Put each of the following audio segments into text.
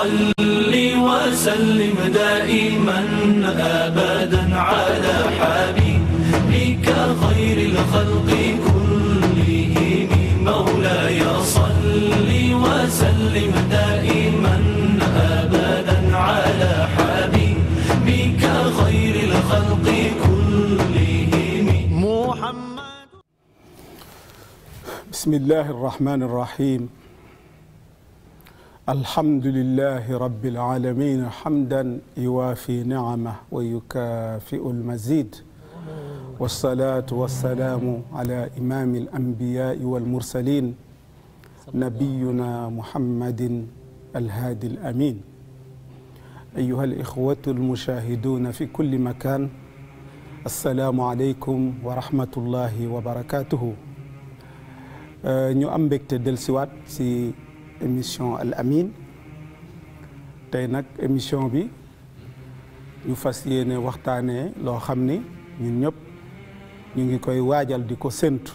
صل وسلم دائما ابدا على حبيبك خير الخلق كلهم مولاي صل وسلم دائما ابدا على حبيبك خير الخلق كلهم محمد بسم الله الرحمن الرحيم الحمد لله رب العالمين حمدا يوافي نعمه ويكافئ المزيد والصلاه والسلام على امام الانبياء والمرسلين نبينا محمد الهادي الامين ايها الاخوه المشاهدون في كل مكان السلام عليكم ورحمه الله وبركاته ñu am mbégte dellusiwaat si émission Al Amine tey nag émission bi ñu fas yéene waxtaanee loo xam ni ñun ñëpp ñu ngi koy waajal di ko séntu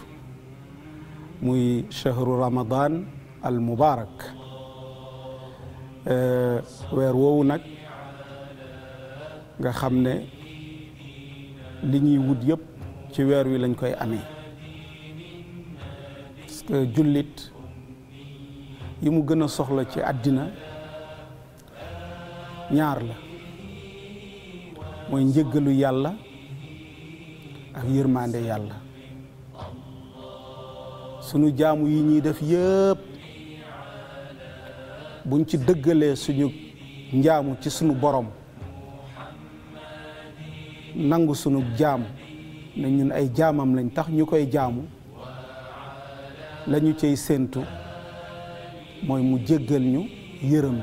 muy chahru ramadan al mubarak euh, weer woowu nag nga xam ne li ñuy wut yépp ci weer wi lañ koy amee parce jullit yi mu gën a soxla ci àddina ñaar la mooy njëggalu yàlla ak yërmande yàlla sunu jaamu yi ñuy def yëpp buñ ci dëggalee suñu njaamu ci sunu borom nangu sunu jaam ne ñun ay jaamam lañ tax ñu koy jaamu lañu cay séentu mooy mu jëggal ñu yërëm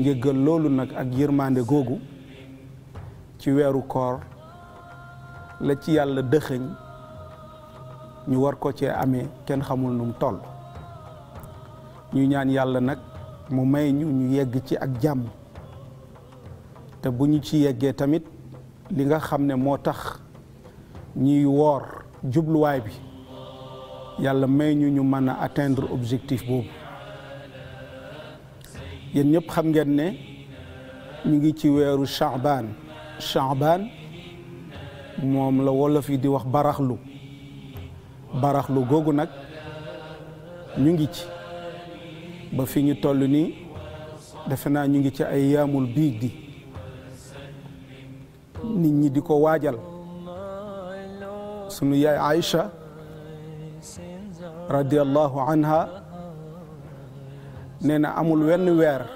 ñu loolu nag ak yërmande googu ci weeru koor la ci yàlla dëxëñ ñu war ko cee ame kenn xamul nu mu toll ñu ñaan yàlla nag mu may ñu ñu yegg ci ak jàmm te bu ñu ci yeggee tamit li nga xam ne moo tax ñuy woor jubluwaay bi yàlla may ñu ñu mën a atteindre objectif boobu yéen ñëpp xam ngeen ne ñu ngi ci weeru Shaaban Shaaban moom la wolof yi di wax baraxlu baraxlu googu nag ñu ngi ci ba fi ñu toll nii defe naa ñu ngi ci ay yaamul biig di nit ñi di ko waajal sunu yaay Aïcha radiallahu anha nee na amul wenn weer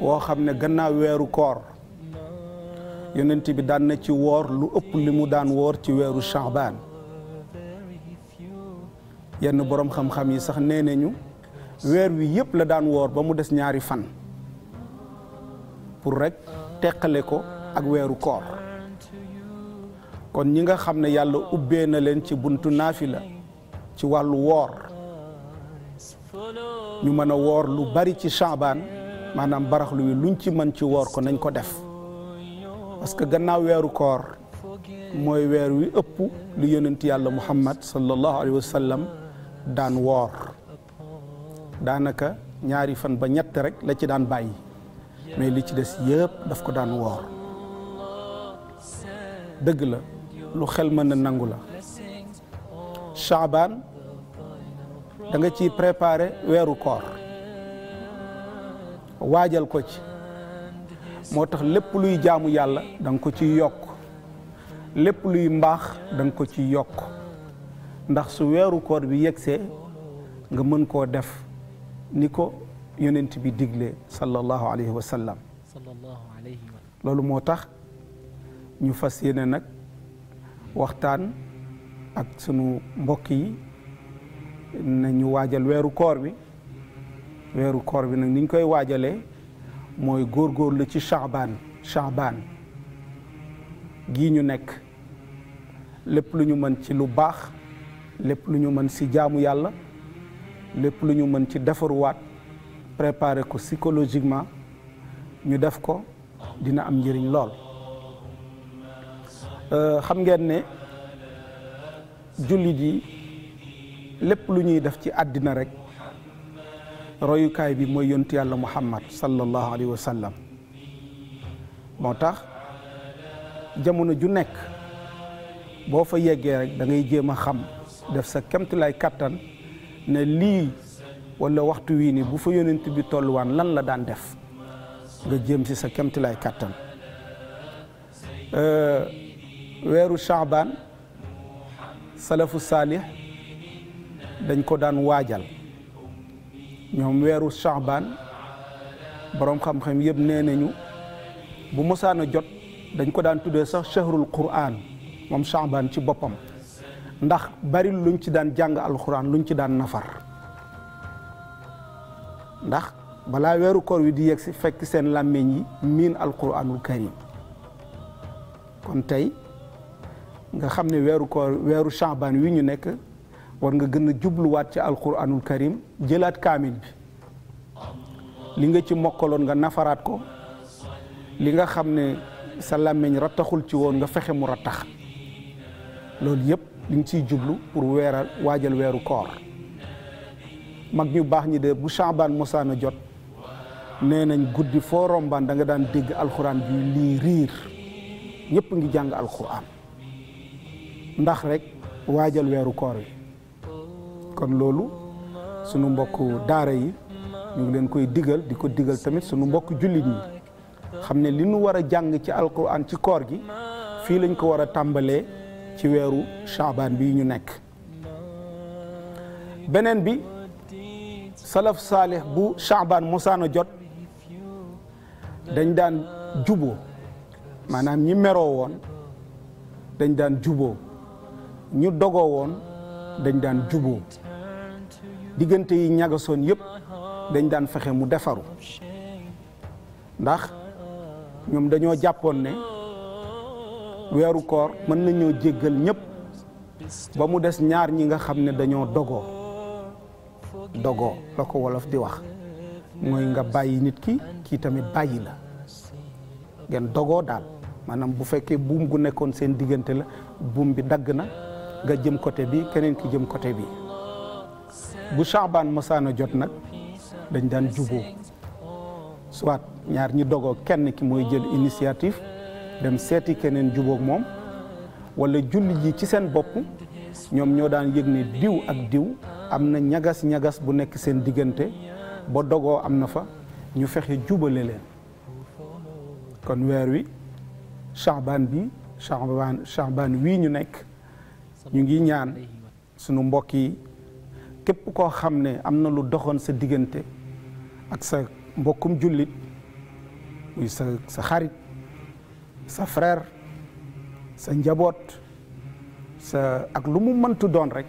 woo xam ne gannaaw weeru koor yonent bi daan na ci woor lu ëpp li mu daan woor ci weeru Shaabaan yenn boroom xam-xam yi sax nee nañu weer wi yépp la daan woor ba mu des ñaari fan pour rekk teqale ko ak weeru koor kon ñi nga xam ne yàlla ubbee na leen ci buntu naafila ci wàllu woor ñu mën a woor lu bari ci Shaabaan maanaam baraxlu wi luñ ci mën ci woor ko nañ ko def parce que gannaaw weeru koor mooy weer wi ëpp lu yonent yàlla Muhammad sallallahu alayhi wa sallam daan woor daanaka ñaari fan ba ñett rek la ci daan bàyyi mais li ci des yëpp daf ko daan woor dëgg la lu xel mën na nangu la Chaban danga nga ciy préparer weeru koor waajal ko ci moo tax lépp luy jaamu yàlla danga ko ci yokk lépp luy mbaax da ko ci yokk ndax su weeru koor bi yegsee nga mën koo def ni ko yonent bi digle sallallahu alayhi wa sallam loolu moo tax ñu fas yéene nag waxtaan ak sunu mbokk yi nañu waajal weeru koor bi weeru koor bi nag ni koy waajale mooy góor góorgóorlu ci Shaabaan Shaabaan gii ñu nekk lépp lu ñu mën ci lu baax lépp lu ñu mën si jaamu yàlla lépp lu ñu mën ci defaruwaat préparer ko psychologiquement ñu def ko dina am njëriñ lool euh, xam ngeen ne jullit yi lépp lu ñuy def ci àddina rek royukaay bi mooy yontu yàlla muhammad sallallahu alayhi wa sallam moo tax jamono ju nekk boo fa yeggee rek dangay jéem a xam def sa kemtulaay kàttan ne lii wala waxtu wii ni bu fa yonent bi tolluwaan lan la daan def nga jéem ci sa kemtulaay kàttan euh, weeru Shaaban salafu saalix dañ ko daan waajal ñoom weeru Shaaban boroom xam-xam yëpp nee nañu bu mosaan jot dañ ko daan tuddee sax shahrul Qur'an moom Shaaban ci boppam ndax bari luñ ci daan jàng alxuraan luñ ci daan nafar ndax balaa weeru koor wi di yegsi fekk seen làmmiñ yi miin alxuraanul karim kon tey nga xam ne weeru koor weeru Shaaban wi ñu nekk war nga gën a jubluwaat ci alquranul karim jëlaat kaamil bi li nga ci mokkaloon nga nafaraat ko li nga xam ne sa làmmiñ rattaxul ci woon nga fexe mu rattax loolu yëpp li nga ciy jublu pour weeral waajal weeru koor mag ñu baax ñi de bu Shaaban mosaana jot nee nañ guddi foo rombaan da nga daan dégg alxuraan bi lii riir ñëpp ngi jàng alxuraan ndax rek waajal weeru koor wi kon loolu sunu mbokk daara yi ñu ngi leen koy digal di ko digal tamit sunu mbokk jullit ñi xam ne li nu war a jàng ci alquran ci koor gi fii lañ ko war a tàmbalee ci weeru chaabaan bii ñu nekk beneen bi salaf saalih bu chaabaan a jot dañ daan juboo maanaam ñi meroo woon dañ daan juboo ñu dogoo woon dañ daan juboo diggante yi ñagasoon yëpp dañ daan fexe mu defaru ndax ñoom dañoo jàppoon ne weeru koor mën nañoo jéggal ñépp ba mu des ñaar ñi nga xam ne dañoo dogoo dogoo la ko wolof di wax mooy nga bàyyi nit ki kii tamit bàyyi la ngeen dogoo daal maanaam bu fekkee buum gu nekkoon seen diggante la buum bi dagg na nga jëm côté bi keneen ki jëm côté bi bu Chaban mosaana jot nag dañ daan juboo soit ñaar ñi dogoo kenn ki mooy jël initiative dem seeti keneen jubóog moom wala julli ji ci seen bopp ñoom ñoo daan yëg ne diw ak diw am na ñagas-ñagas bu nekk seen diggante ba dogoo am na fa ñu fexe jubale leen kon weer wi Chaban bi Chaban Chaban wii ñu nekk ñu ngi ñaan sunu mbokk yi képp koo xam ne am na lu doxoon sa diggante ak sa mbokkum jullit muy sa sa xarit sa frère sa njaboot sa ak lu mu mëntu doon rek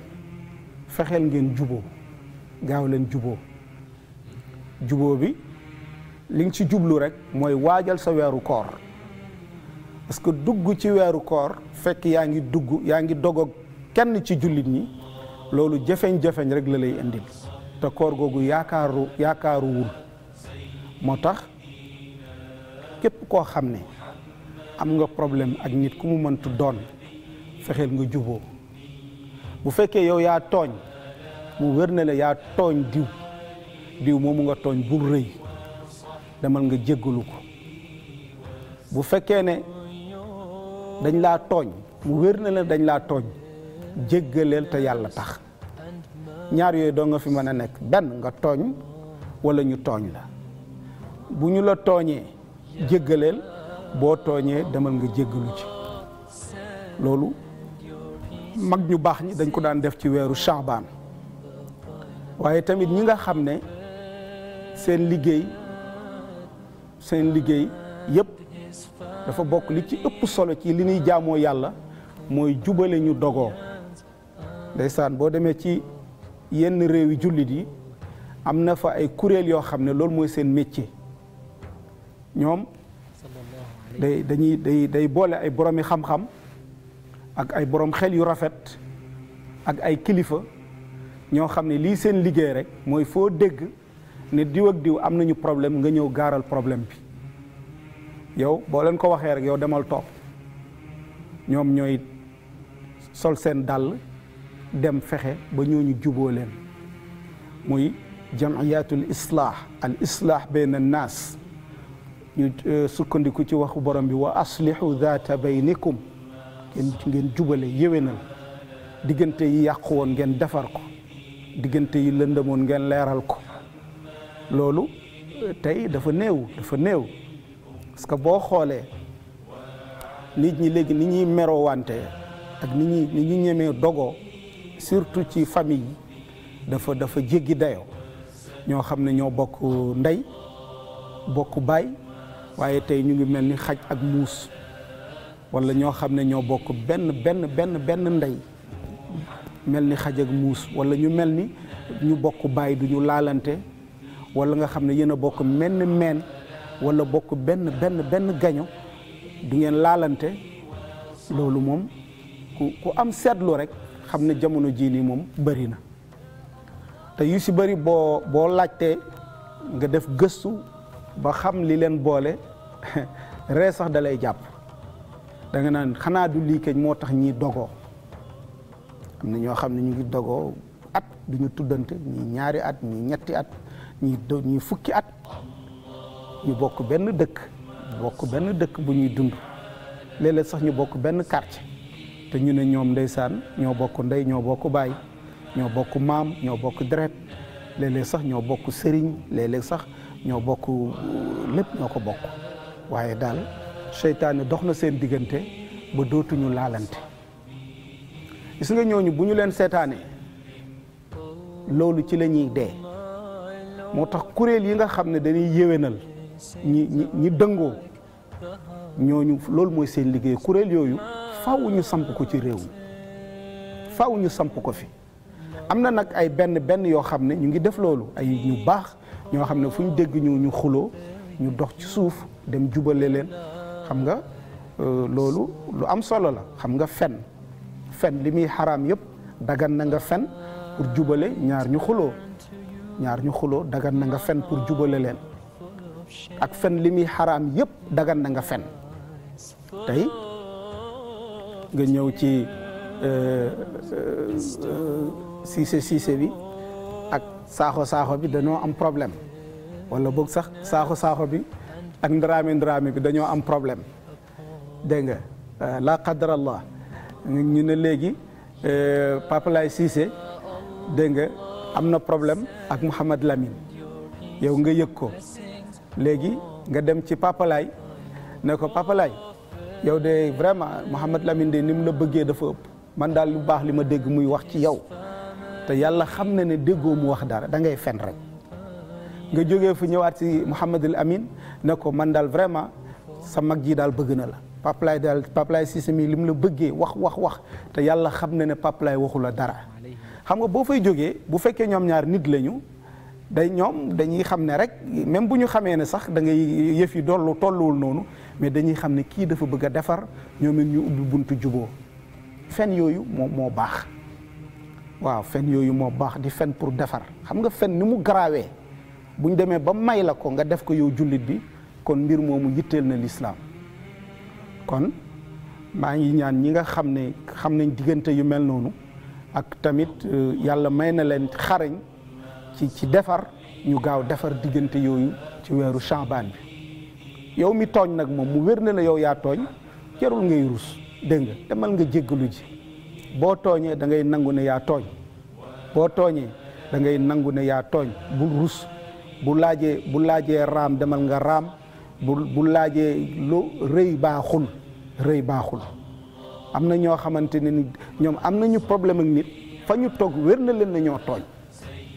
fexeel ngeen juboo gaaw leen juboo juboo bi li nga ci jublu rek mooy waajal sa weeru koor parce que dugg ci weeru koor fekk yaa ngi dugg yaa ngi dogog kenn ci jullit ñi loolu jafeñ-jafeñ rek la lay indil te koor googu yaakaaru yaakaaruwul moo tax képp koo xam ne am nga problème ak nit ku mu mëntu doon fexeel nga juboo bu fekkee yow yaa tooñ mu wér na la yaa tooñ diw diw moomu nga tooñ bul rëy demal nga jéggalu ko bu fekkee ne dañ laa tooñ mu wér na la dañ laa tooñ jéggaleel te yàlla tax ñaar yooyu doo nga fi mën a nekk benn nga tooñ walla ñu tooñ la bu ñu la tooñee jéggaleel boo tooñee demal nga jéggalu ci loolu mag ñu baax ñi dañ ko daan def ci weeru Shaabaan waaye tamit ñi nga xam ne seen liggéey seen liggéey yépp dafa bokk li ci ëpp solo ci li ñuy jaamoo yàlla mooy jubale ñu dogoo ndeysaan boo demee ci yenn réew yi jullit yi am na fa ay kuréel yoo xam ne loolu mooy seen métier ñoom day dañuy day day boole ay boromi xam-xam ak ay boroom xel yu rafet ak ay kilifa ñoo xam ne lii seen liggéey rek mooy foo dégg ne diw ak diw am nañu problème nga ñëw gaaral problème bi yow boo leen ko waxee rek yow demal toog ñoom ñooy sol seen dàll dem fexe ba ñooñu juboo leen muy jamiyatul islaax al islaax bayna naas ñu euh, sukkandiku ci waxu borom bi wa aslihu daata baynikum ngeen ngeen jubale yéwénal diggante yi yàqu woon ngeen defar ko diggante yi lëndëmoon ngeen leeral ko loolu euh, tey dafa néew dafa néew parce que boo xoolee nit ñi léegi ni ñuy merowante ak ni ñuy ni ñu ñemee dogoo surtout ci famille yi dafa dafa jéggi dayoo ñoo xam ne ñoo bokk ndey bokk baay waaye tey ñu ngi mel ni xaj ak muus walla ñoo xam ne ñoo bokk benn benn benn benn ndey mel ni xaj ak muus walla ñu mel ni ñu bokk baay du ñu laalante walla nga xam ne yéen bokk menn meen walla bokk benn benn benn gaño du ngeen laalante loolu moom ku ku am seetlu rek xam ne jamono jii nii moom bari na te yu si bari boo boo laajtee nga def gëstu ba xam li leen boole ree sax dalay jàpp danga naan xanaa du lii keñ moo tax ñii dogoo am na ñoo xam ne ñu ngi dogoo at du ñu tuddante ñii ñaari at ñii ñetti at ñii ñii fukki at ñu bokk benn dëkk bokk benn dëkk bu ñuy dund léeg-léeg sax ñu bokk benn quartier te ñu ne ñoom ndeysaan ñoo bokk ndey ñoo bokk baay ñoo bokk maam ñoo bokk deret léeg sax ñoo bokk sëriñ léeg sax ñoo bokk lépp ñoo ko bokk waaye daal seytaane dox na seen diggante ba dootuñu laalante gis nga ñooñu bu ñu leen seetaanee loolu ci lañuy ñuy dee moo tax kuréel yi nga xam ne dañuy yéwénal ñi ñi ñi dëngoo ñooñu loolu mooy seen liggéey kuréel yooyu faaw ñu samp ko ci réew mi faw ñu samp ko fi am na nag ay benn benn yoo xam ne ñu ngi def loolu ay ñu baax ñoo xam ne fu ñu dégg ñu ñu xuloo ñu dox ci suuf dem jubale leen xam nga euh, loolu lu am solo la xam nga fen fen li muy xaraam yëpp dagan na nga fen jubale ñaar xuloo ñaar ñu xuloo dagan na nga fen pour jubale leen ak fen li muy xaraam yëpp dagan na nga fen tey nga ñëw ci siise euh, euh, siise bi ak saaxo saaxo bi dañoo am problème wala boog sax saaxo saaxo bi ak ndaraame ndaraame bi dañoo am problème dégg nga euh, la qadarallah ñu ne léegi Papa Laay Siise dégg nga am na problème ak Mouhamad Lamine yow nga yëg ko léegi nga dem ci papalaay ne ko papalaay yow de vraiment Mouhamed Lamine de ni mu la bëggee dafa ëpp man daal lu baax li ma dégg muy wax ci yow te yàlla xam na ne déggoo mu wax dara da ngay fen rek nga jóge fu ñëwaat si Mouhamadul Amin ne ko man daal vraiment sa mag ji daal bëgg na la papalaay daal papalaay si sami li mu la bëggee wax wax wax te yàlla xam ne ne papalaay waxu la dara xam nga boo fay jógee bu fekkee ñoom ñaar nit lañu day ñoom dañuy xam ne rek même bu ñu xamee ne sax da ngay yëf yi dollu tolluwul noonu mais dañuy xam ne kii dafa bëgg defar ñoom ñu ubbi buntu juboo fen yooyu moom moo baax waaw fen yooyu moo baax di fen pour defar xam nga fen ni mu garaawee buñ demee ba may la ko nga def ko yow jullit bi kon mbir moomu yitteel na lislaam kon maa ngi ñaan ñi nga xam ne xam nañ diggante yu mel noonu ak tamit euh, yàlla may na leen xarañ ci ci defar ñu gaaw defar diggante yooyu ci weeru Shaabaan bi yow mi tooñ nag moom mu wér na la yow yaa tooñ jarul ngay rus dégg nga demal nga jéggalu ji boo tooñee da ngay nangu ne yaa tooñ boo tooñee dangay nangu ne yaa tooñ bul rus bu laajee bu laajee raam demal nga raam bu bu laajee lu rëy baaxul rëy baaxul am na ñoo xamante ne ñoom am nañu problème ak nit fa ñu toog wér na leen na ñoo tooñ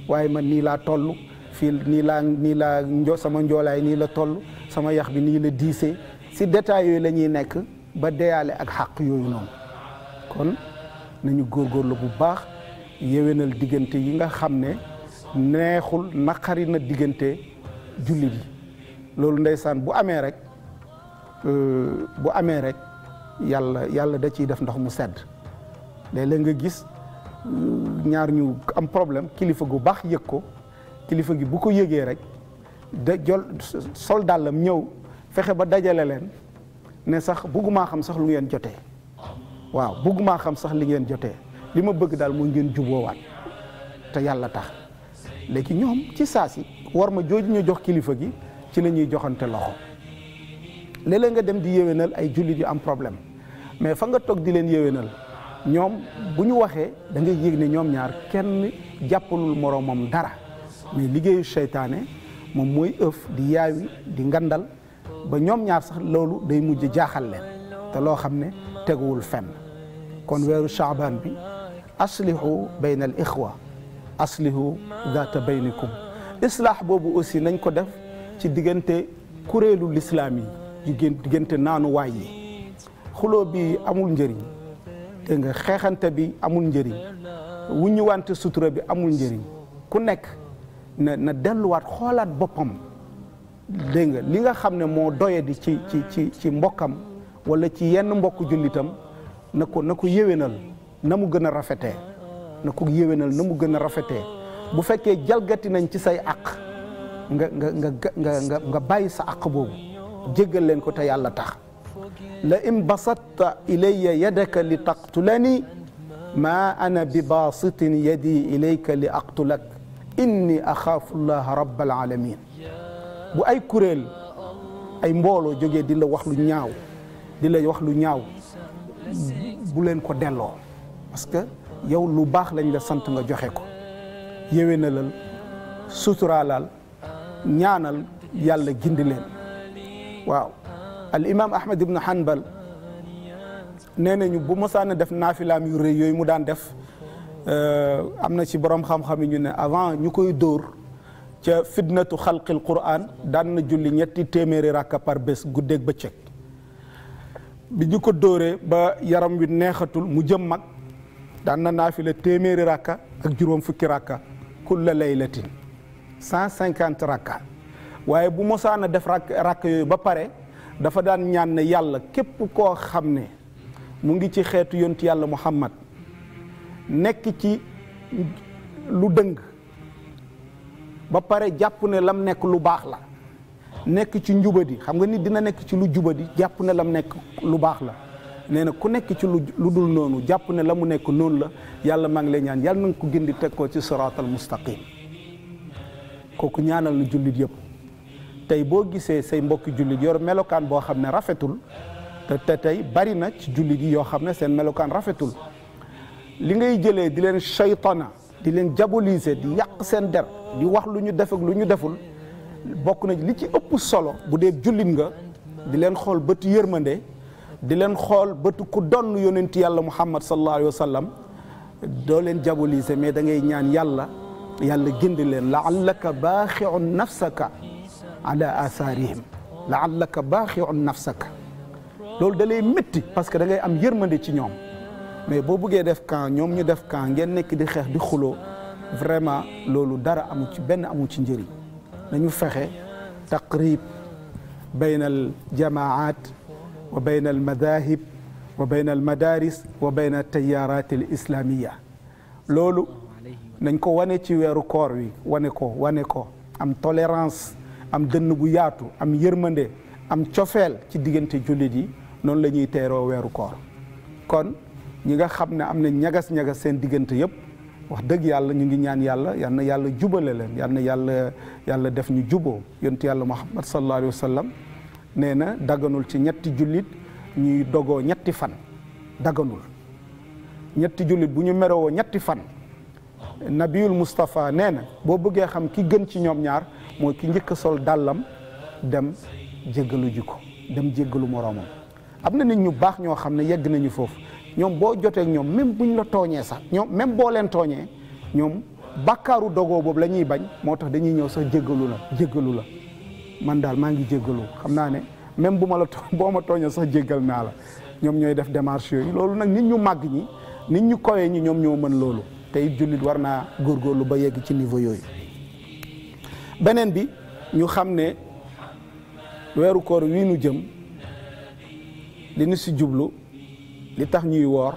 waaye man nii laa toll fii nii laa nii laa njo sama njoolaay nii la toll sama yax bi nii la diisee si détails yooyu la nekk ba deyaale ak xàq yooyu noonu kon nañu góor góorlu bu baax yéwenal diggante yi nga xam ne neexul naqari na diggante jullit yi loolu ndeysaan bu amee rek euh, bu amee rek yàlla yàlla da ciy def ndox mu sedd léeg nga gis euh, ñaar ñu am problème kilifa gu baax yëg ko kilifa gi bu ko yëgee rek da jol sol dàllam ñëw fexe ba dajale leen ne sax bëggumaa xam sax lu ngeen jotee waaw bëggumaa xam sax li ngeen jotee li ma bëgg daal mooy ngeen juboowaat te yàlla tax léegi ñoom ci saa si war ma jooju ñu jox kilifa gi ci la ñuy joxante loxo léeg-léeg nga dem di yéwénal ay jullit yu am problème mais fa nga toog di leen yéwénal ñoom bu ñu waxee dangay ngay yég ne ñoom ñaar kenn jàppalul moroomam dara mais liggéeyu seytaane moom mooy ëf di yaawi di ngandal ba ñoom ñaar sax loolu day mujj jaaxal leen te loo xam ne teguwul fen kon weeru chaabaan bi aslihu bayna al ixwa aslihu data baynikum islaax boobu aussi nañ ko def ci diggante kuréelu lislaam yi diggante naanu waay yi xuloo bi amul njëriñ te nga xeexante bi amul njëriñ wuññuwante sutura bi amul njëriñ ku nekk na delluwaat xoolaat boppam dégg nga li nga xam ne moo doyadi ci ci ci ci mbokkam walla ci yenn mbokk jullitam na ko na ko yéwénal na mu gën a rafetee na ko yéwénal na mu gën a rafetee bu fekkee jalgati nañ ci say àq nga nga nga nga nga bàyyi sa àq boobu jéggal leen ko te yàlla tax la in basatta ilayya yadaka li taqtulani ma ana bi basitin yadi ilayka li aqtulak inni axaafullaha rabbal alamin bu ay kuréel ay mbooloo jógee di wax lu ñaaw di la wax lu ñaaw bu leen ko delloo parce que yow lu baax lañ la sant nga joxe ko yéwénalal suturaalal ñaanal yàlla gindi leen waaw al imam ahmad ibnu hanbal nee nañu bu mosaana def naafilaam yu rëy yooyu mu daan def Euh, am na ci borom xam-xam ñu ne avant ñu koy dóor ca fitnatu xalqil quran daan na julli ñetti téeméeri rakka par bés guddeeg bëccëg bi ñu ko dóoree ba yaram wi neexatul mu jëm mag daan na naafila téeméeri rakka ak juróom fukki rakka kulla laylatin cent cinquante rakka waaye bu mosaan def rakk yooyu ba pare dafa daan ñaan ne yàlla képp koo xam ne mu ngi ci xeetu yontu yàlla muhammad nekk ci lu dëng ba pare jàpp ne lam nekk lu baax la nekk ci njubadi xam nga nit dina nekk ci lu juba jubadi jàpp ne mu nekk lu baax la nee na ku nekk ci lu lu dul noonu jàpp ne la mu nekk noonu la yàlla maa ngi lay ñaan yàlla na nga ko gindi teg ko ci siraatal mustaqim kooku ñaanal na jullit yépp tey boo gisee say mbokki jullit yor melokaan boo xam ne rafetul te te tey bari na ci jullit yi yoo xam ne seen melokaan rafetul li ngay jëlee di leen saytana di leen diaboliser di yàq seen der di wax lu ñu def ak lu ñu deful bokk na li ci ëpp solo bu dee jullit nga di leen xool bëtu yërmande di leen xool bëtu ku donn yonenti yàlla muhammad sallallahu alayhi wa doo leen diaboliser mais da ngay ñaan yàlla yàlla gindi leen laallaka baaxiun nafsaka ala athaarihim laallaka baaxiun nafsaka loolu da lay métti parce que da ngay am yërmande ci ñoom mais boo buggee def camp ñoom ñu def camp ngeen nekk di xeex di xuloo vraiment loolu dara amu ci benn amu ci njëriñ nañu fexe taqrib bayn al jamaat wa bayn al madahib wa bayn al madaris wa bayn al tayarat al islamia loolu nañ ko wane ci weeru koor wi wane ko wane ko am tolérance am dënn bu yaatu am yërmënde am cofeel ci diggante jullit yi noonu lañuy ñuy teeroo weeru koor ñi nga xam ne am na ñagas-ñagas seen diggante yëpp wax dëgg yàlla ñu ngi ñaan yàlla yal na yàlla jubale leen yal na yàlla yàlla def ñu juboo yontu yàlla muhammad sallallahu alayhi wa sallam nee na daganul ci ñetti jullit ñuy dogoo ñetti fan daganul ñetti jullit bu ñu merewoo ñetti fan nabiyul mustafa nee na boo bëggee xam ki gën ci ñoom ñaar mooy ki njëkk sol dàllam dem jéggalu ji ko dem jéggalu moroomam am na nit ñu baax ñoo xam ne yegg nañu foofu ñoom boo jotee ak ñoom même ñu la tooñee sax ñoom même boo leen tooñee ñoom bakkaaru dogoo boobu la ñuy bañ moo tax dañuy ñëw sax jéggalu la jéggalu la man daal maa ngi jéggalu xam naa ne même bu ma la boo ma tooñee sax jéggal naa la ñoom ñooy def démarche yooyu loolu nag nit ñu màgg ñi nit ñu kawee ñi ñoom ñoo mën loolu tey it jullit war naa góorgóorlu ba yegg ci niveau yooyu beneen bi ñu xam ne weeru koor wii nu jëm li si jublu li tax ñuy woor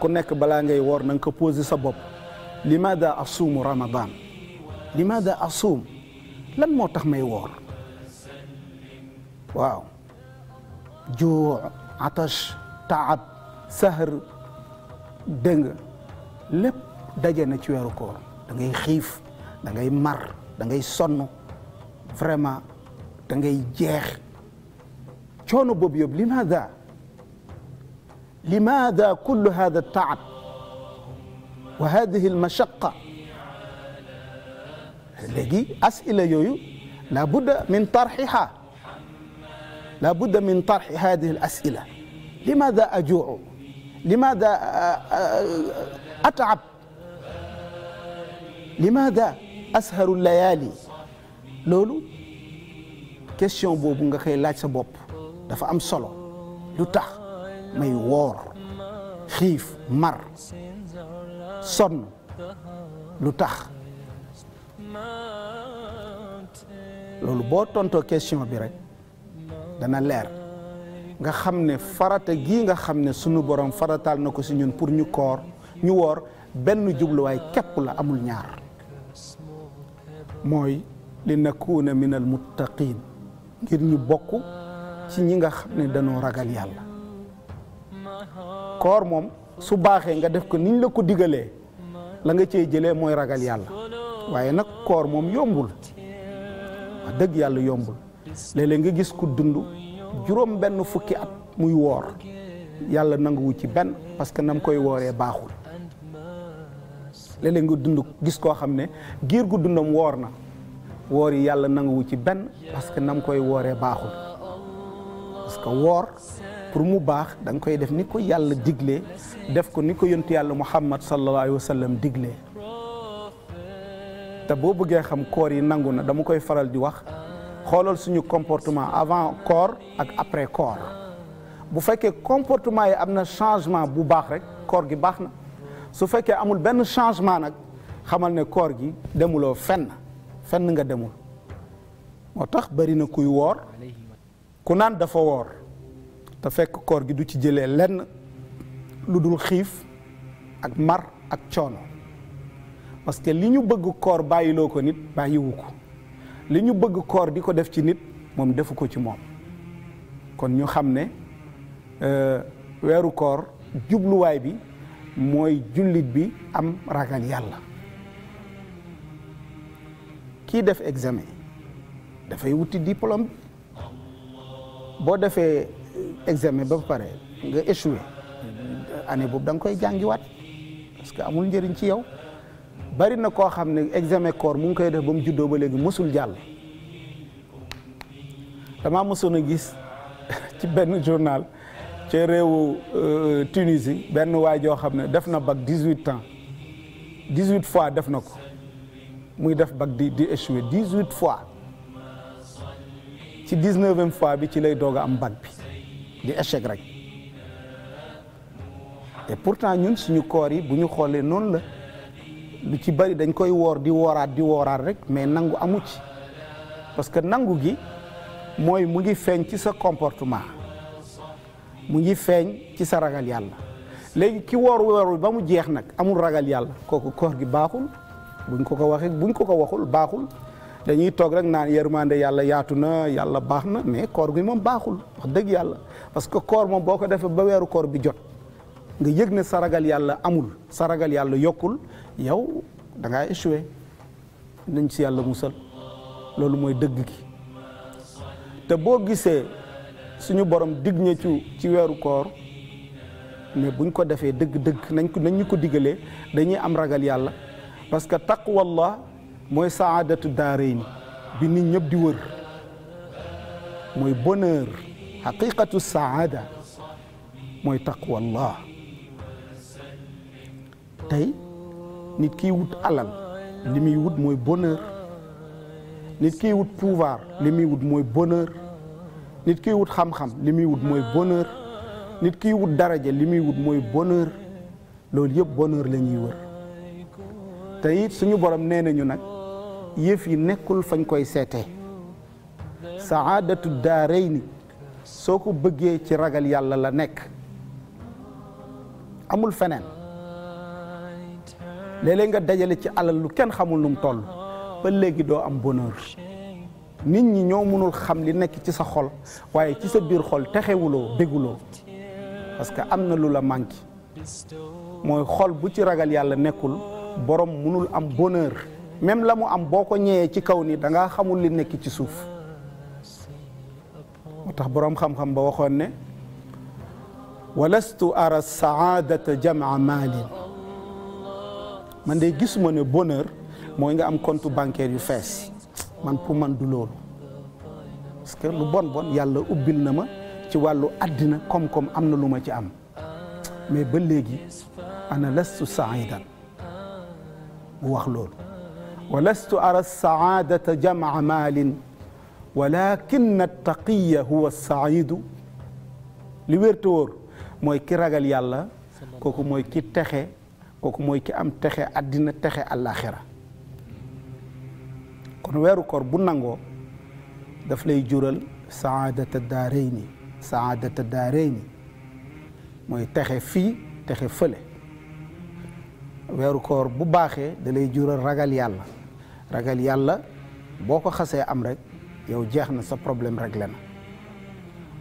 ku nekk balaa ngay wor nan nga ko posé sa bopp limada asuumu ramadan limada asuum lan moo tax may woor waaw juu atash taab sahar dëng lépp daje na ci weeru koor da ngay xiif da mar dangay sonn vraiment da ngay jeex coono boobu yëpp limada لماذا كل هذا التعب وهذه المشقة léegi asila yooyu la budda min tarxiha la budda min tarxi hadihi al asila limaada ajuu limaada ataab limaada asharu layali loolu question boobu nga koy laaj sa bopp dafa am solo lu tax may woor xiif mar sonn lu tax loolu boo tontoo question bi rek dana leer nga xam ne farata gii nga xam ne sunu borom farataal na ko si ñun pour ñu koor ñu woor benn jubluwaay képp la amul ñaar mooy li nakuuna min al muttaqin ngir ñu bokk ci ñi nga xam ne danoo ragal yàlla koor moom su baaxee nga def ko niñ la ko digalee la nga cee jëlee mooy ragal yàlla waaye nag koor moom yombul wax dëgg yàlla yombul léeg nga gis ku dund juróom benn fukki at muy woor yàlla nanguwu ci benn parce que nam koy wooree baaxul léeg-léeg dund gis koo xam ne giir gu dundam woor na woor yi yàlla nanguwu ci benn parce que nam koy wooree baaxul woor pour mu baax danga koy def ni ko yàlla digle def ko ni ko yontu yàlla muhammad sallallahu alayhi wa sallam diglee te boo bëggee xam koor yi nangu na dama koy faral di wax xoolal suñu comportement avant koor ak après koor bu fekkee comportement yi am na changement bu baax rek koor gi baax na su fekkee amul benn changement nag xamal ne koor gi demuloo fenn fenn nga demul moo tax bari na kuy woor ku naan dafa woor te fekk koor gi du ci jële lenn lu dul xiif ak mar ak coono parce que li ñu bëgg koor bàyyiloo ko nit bàyyiwu ko li ñu bëgg koor di ko def ci nit moom defu ko ci moom kon ñu xam ne euh, weeru koor jubluwaay bi mooy jullit bi am ragal yàlla kiy def examen dafay wuti diplôme boo defee examen ba pare nga échoué année boobu da nga koy jàngiwaat parce que amul njëriñ ci yow bari na koo xam ne examen corps mu ngi koy def ba mu juddoo ba léegi mësul jàll damaa mësoon a gis ci benn journal ci réewu euh, Tunisie benn waay joo xam ne def na bac dix-huit ans dix-huit fois def na ko muy def bac di di échoué dix-huit fois ci dix-neuvième fois bi ci lay doog a am bac bi di échec rek et pourtant ñun suñu koor yi bu ñu xoolee noonu la lu ci bari dañ koy woor di woraat di wooraat rek mais nangu amu ci parce que nangu gi mooy mu ngi feeñ ci sa comportement mu ngi feeñ ci sa ragal yàlla léegi ki woor woor ba mu jeex nag amul ragal yàlla kooku koor gi baaxul buñ ko ko waxee buñ ko ko waxul baaxul dañuy toog rek naan yërmande yàlla yaatu na yàlla baax na mais koor gi moom baaxul wax dëgg yàlla parce que koor moom boo ko defee ba weeru koor bi jot nga yëg ne saragal yàlla amul saragal yàlla yokkul yow da ngaa nañ ci yàlla musal loolu mooy dëgg gi te boo gisee suñu borom dig ña ci ci weeru koor mais buñ ko defee dëgg-dëgg nañ ko nañ ñu ko digalee dañuy am ragal yàlla parce que taqwallah mooy saadatu daarayni bi nit ñëpp di wër mooy bonheur xaqiqatu saada mooy taqwallah tey nit kiy wut alal li muy wut mooy bonheur nit kiy wut pouvoir li muy wut mooy bonheur nit kiy wut xam-xam li muy wut mooy bonheur nit kiy wut daraja li muy wut mooy bonheur loolu yëpp bonheur la ñuy wër te it suñu borom nee nañu nag yëf yi nekkul fañ koy seete sa seetee saadatu daarayni soo ko bëggee ci ragal yàlla la nekk amul feneen léeg-léeg nga dajale ci alal lu kenn xamul nu mu toll ba léegi doo am bonheur nit ñi ñoo mënul xam li nekk ci sa xol waaye ci sa biir xol texewuloo béguloo parce que am na lu la manqué mooy xol bu ci ragal yàlla nekkul borom mënul am bonheur même la mu am boo ko ñëwee ci kaw ni da ngaa xamul li nekk ci suuf moo tax boroom xam-xam ba waxoon ne walastu ara saadata jamaa maalin man de gis ma ne bonheur mooy nga am compte bancaire yu fees man pour man du loolu parce lu bon bon yàlla ubbil na ma ci wàllu àddina koom-koom am na lu ma ci am mais ba léegi ana lastu saidan mu wax loolu walastu ara saadata jamca maalin walakin attaqiya huwa saidu li wér te mooy ki ragal yàlla kooku mooy ki texe kooku mooy ki am texe àddina texe àllaaxira kon weeru kor bu nangoo daf lay jural saadata daarayni saadata daarayni mooy texe fii texe fële weeru koor bu baaxee da lay jural ragal yàlla ragal yàlla boo ko xasee am rek yow jeex na sa problème réglé na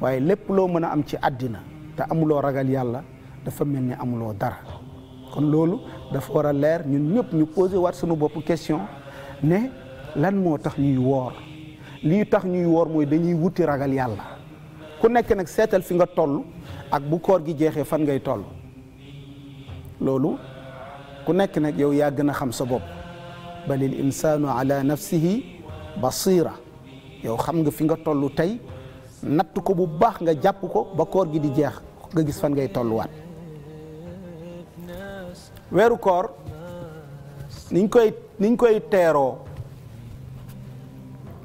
waaye lépp loo mën a am ci àddina te amuloo ragal yàlla dafa mel ni amuloo dara kon loolu dafa war a leer ñun ñëpp ñu posé waat suñu boppu question ne lan moo tax ñuy woor lii tax ñuy woor mooy dañuy wuti ragal yàlla ku nekk nag seetal fi nga toll ak bu koor gi jeexee fan ngay toll loolu ku nekk nag yow yàgg na xam sa bopp balil insaanu ala nafsihi basira yow xam nga fi nga toll tey natt ko bu baax nga jàpp ko ba koor gi di jeex nga gis fan ngay tolluwaat weeru koor niñ koy niñ koy teeroo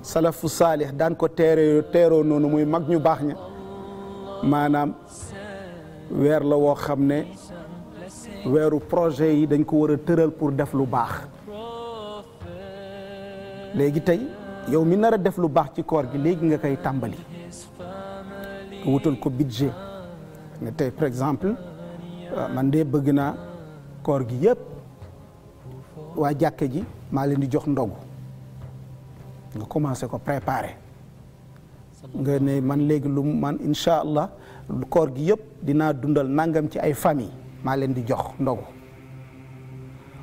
salafu saalix daan ko teeroo teeroo noonu muy mag ñu baax ña maanaam weer la woo xam ne weeru projet yi dañ ko war a tëral pour def lu baax léegi tey yow mi nar a def lu baax ci koor gi léegi nga koy tàmbali wutal ko budget ne tey par exemple ah, man de bëgg naa koor gi yëpp waa jàkke ji maa leen di jox ndogu nga commencé ko préparer nga ne man léegi lu man incha allah koor gi yëpp dinaa dundal nangam ci ay famille maa leen di jox ndogu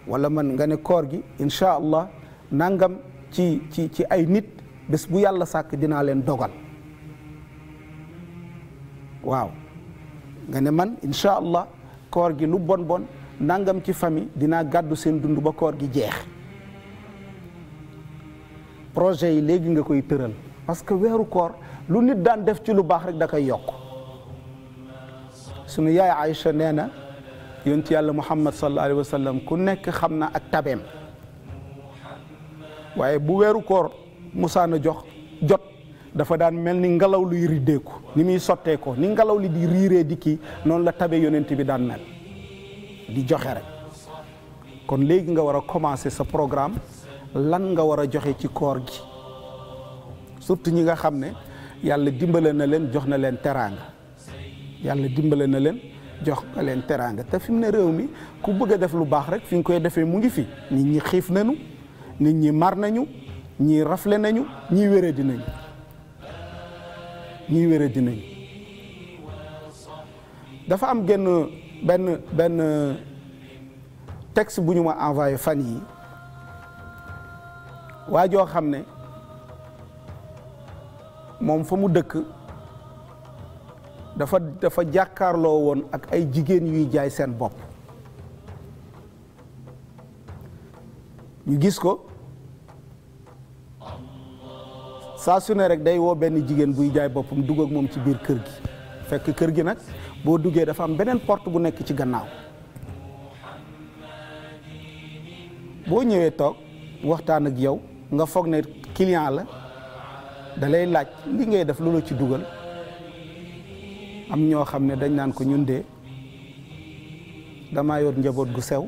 wala man nga ne koor gi incha allah nangam ci ci ci ay nit bés bu yàlla sàkk dinaa leen dogal waaw nga ne man incha allah koor gi lu bon bon nangam ci famille dinaa gàddu seen dund ba koor gi jeex projet yi léegi nga koy tëral parce que weeru koor lu nit daan def ci lu baax rek da koy yokk sunu yaay Aïcha nee na yoon ci yàlla muhammad sallallahu alayhi wa sallam ku nekk xam na ak tabeem waaye bu weeru koor musaana jox jot dafa daan mel ni ngelaw luy riddeeku ni muy sottee ko ni ngelaw li di riiree di kii noonu la tabe yonent bi daan mel di joxe rek kon léegi nga war a commencer sa programme lan nga war a joxe ci koor gi surtout ñi nga xam ne yàlla dimbale na leen jox na leen teraanga yàlla dimbale na leen jox ko leen teraanga te fi ne réew mi ku bëgg a def lu baax rek fi nga koy defee mu ngi fi nit ñi xiif nañu nit ñi mar nañu ñii rafle nañu ñii wéradi nañu ñii wéradi dafa am genn benn benn texte bu ñu ma envoyé fan yi waa joo xam ne moom fa mu dëkk dafa dafa jàkkaarloo woon ak ay jigéen yuy jaay seen bopp ñu gis ko saa su ne rek day woo benn jigéen buy jaay boppam dugg ak moom ci biir kër gi fekk kër gi nag boo duggee dafa am beneen port bu nekk ci gannaaw boo ñëwee toog waxtaan ak yow nga foog ne client la dalay laaj li ngay def lu la ci dugal am ñoo xam ne dañ naan ko ñun de damaa yor njaboot gu sew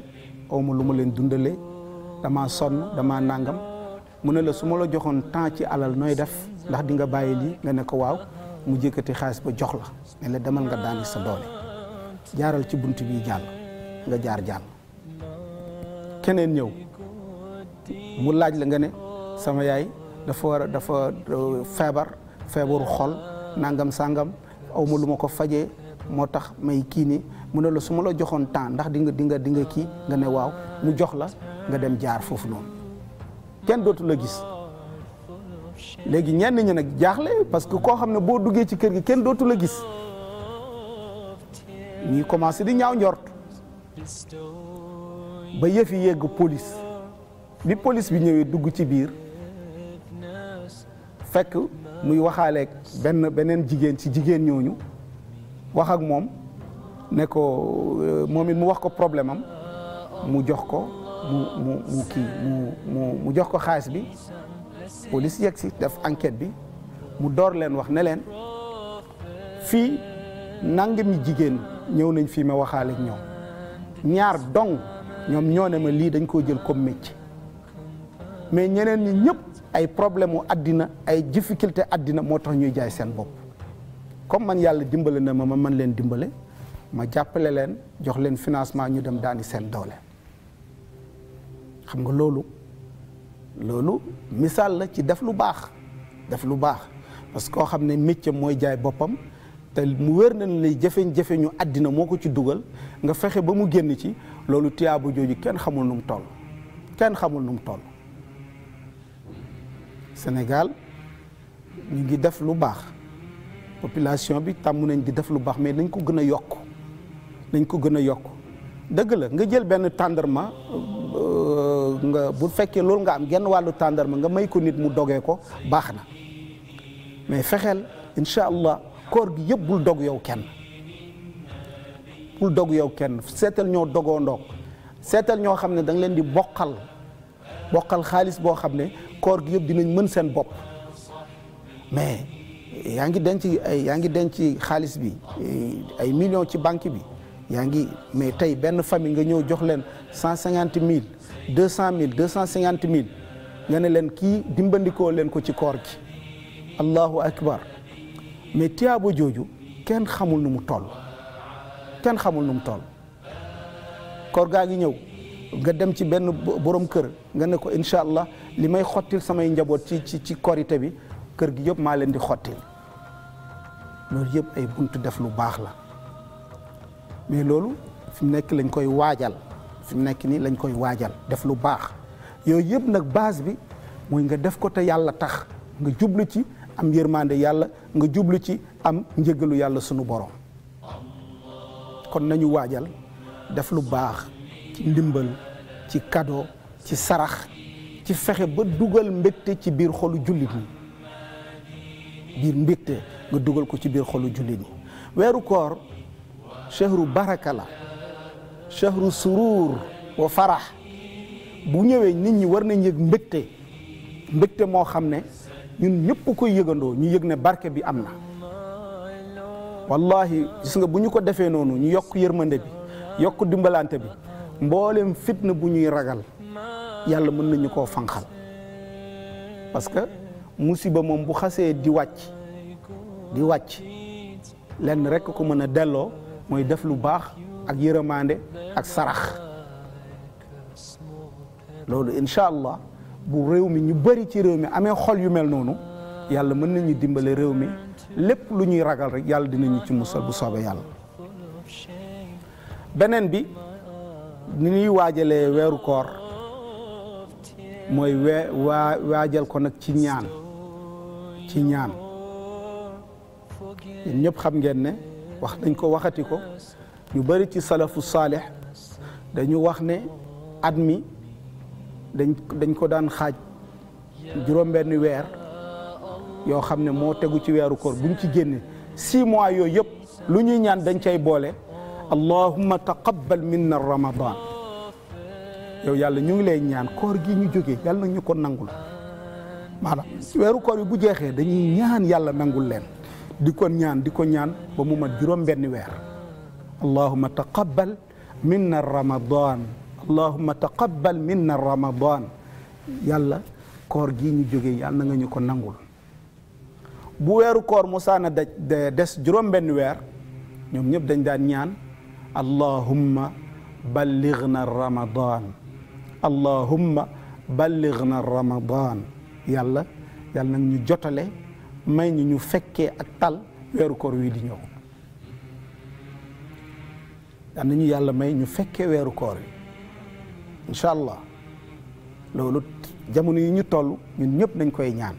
awma lu ma leen dundale damaa sonn damaa nàngam mu ne la su ma la joxoon temps ci alal nooy def ndax di nga bàyyi lii nga ne ko waaw mu jëkkati xaalis ba jox la ne la demal nga daani sa doole jaaral ci bunt bi jàll nga jaar jàll keneen ñëw mu laaj la nga ne sama yaay dafa war dafa euh, feebar feebaru xol nangam sàngam aw ma lu ma ko fajee moo tax may kii ni mu ne la su ma la joxoon temps ndax di nga di nga di nga kii nga ne waaw mu jox la nga dem jaar foofu noonu kenn dootu la gis léegi ñenn ñi nag jaaxle parce que koo xam ne boo duggee ci kër gi kenn dootu la gis ñuy commencé di ñaaw njort ba yëf yi yegg police bi police bi ñëwee dugg ci biir fekk muy waxaaleeg benn beneen jigéen ci jigéen ñooñu wax ak moom ne ko euh, moom it mu wax ko problème am mu jox ko mu mu mu mu jox ko xaalis bi police yegg si def enquete bi mu door leen wax ne leen fii ñi jigéen ñëw nañ fii ma waxaale ñoom ñaar dong ñoom ñoo ne ma lii dañ koo jël comme métier mais ñeneen ñi ñëpp ay problème mu àddina ay difficulté àddina moo tax ñuy jaay seen bopp comme man yàlla dimbale na ma ma man leen dimbale ma jàppale leen jox leen financement ñu dem daani seen doole xam nga loolu loolu misaal la ci def lu baax def lu baax parce que koo xam ne métier mooy jaay boppam te mu wér na ne lay jafe ñu àddina moo ko ci dugal nga fexe ba mu génn ci loolu tiyaabu jooju kenn xamul nu mu kenn xamul nu mu Sénégal ñu ngi def lu baax population bi tàmm nañ di def lu baax mais dañ ko gën a yokk dañ ko gën a yokk dëgg la nga jël benn tàndarma euh, nga bu fekkee loolu nga am genn wàllu tàndarma nga may ko nit mu dogee ko baax na mais fexeel incha allah koor gi yëpp bul dog yow kenn bul dog yow kenn seetal ñoo dogoo ndoog seetal ñoo xam ne da leen di bokkal bokkal xaalis boo xam ne koor gi yëpp dinañ mën seen bopp mais yaa ngi denc ay yaa ngi denc xaalis bi eh, ay millions ci banque bi yaa ngi mais tey benn famille nga ñëw jox leen cent cinquante mille deux cent mille deux cent cinquante mille nga ne leen kii dimbandikoo leen ko ci koor gi allahu akbar mais tiyaabo jooju kenn xamul nu mu toll kenn xamul nu mu toll koor gaa ngi ñëw nga dem ci benn boroom kër nga ne ko incha allah li may xottil samay njaboot ci ci ci korité bi kër gi yëpp maa leen di xottil loolu yëpp ay bunt def lu baax la mais loolu fi mu nekk lañ koy waajal fi mu nekk nii lañ koy waajal def lu baax yooyu yëpp nag baas bi mooy nga def ko te yàlla tax nga jublu ci am yërmande yàlla nga jublu ci am njëgalu yàlla sunu borom kon nañu waajal def lu baax. ci ndimbal ci cadeau ci sarax ci fexe ba dugal mbëtte ci biir xolu jullit ñi biir mbégte nga dugal ko ci biir xolu jullit ñi weeru koor chahru baraka la chahru suruur wa farax bu ñëwee nit ñi war nañ yëg mbégte mbégte moo xam ne ñun ñëpp koy yëgandoo ñu yëg ne barke bi am na wallahi gis nga bu ñu ko defee noonu ñu yokk yërmande bi yokk dimbalante bi mboolem fitna bu ñuy ragal yàlla mën nañu koo fanqal parce que musiba moom bu xasee di wàcc di wàcc lenn rekk ko mën a delloo mooy def lu baax ak yërëmaande ak sarax loolu incha allah bu réew mi ñu bëri ci réew mi amee xol yu mel noonu yàlla mën ñu dimbale réew mi lépp lu ñuy ragal rek yàlla dinañu ci musal bu soobee yàlla beneen bi ni ñuy waajalee weeru koor mooy wee waa waajal ko nag ci ñaan ci ñaan yéen ñëpp xam ngeen ne wax dañ ko waxati ko ñu bari ci salafu saalix dañu wax ne at mi dañ dañ ko daan xaaj juróom-benn weer yoo xam ne moo tegu ci weeru koor buñ ci génne six mois yooyu yëpp lu ñuy ñaan dañ cay boole allahumma taqabbal minna ramadan yow yàlla ñu ngi lay ñaan koor gi ñu jóge yàlla na ñu ko nangul maanaam weeru koor yi bu jeexee dañuy ñaan yàlla nangul leen di ko ñaan di ko ñaan ba mu mat juróom benni weer allahumma taqabbal minna ramadan allahumma taqabbal minna ramadan yàlla koor gi ñu jógee yàlla na nga ñu ko nangul bu weeru koor musaana daj des juróom benni weer ñoom ñëpp dañ daan ñaan allahumma ballighna ramadan allahumma ballighna ramadan yàlla yàlla nag ñu jotale may ñu ñu fekkee ak tal weeru koor wii di ñëw yàlla nañu yàlla may ñu fekkee weeru koor wi incha allah loolu jamono yi ñu toll ñun ñëpp nañ koy ñaan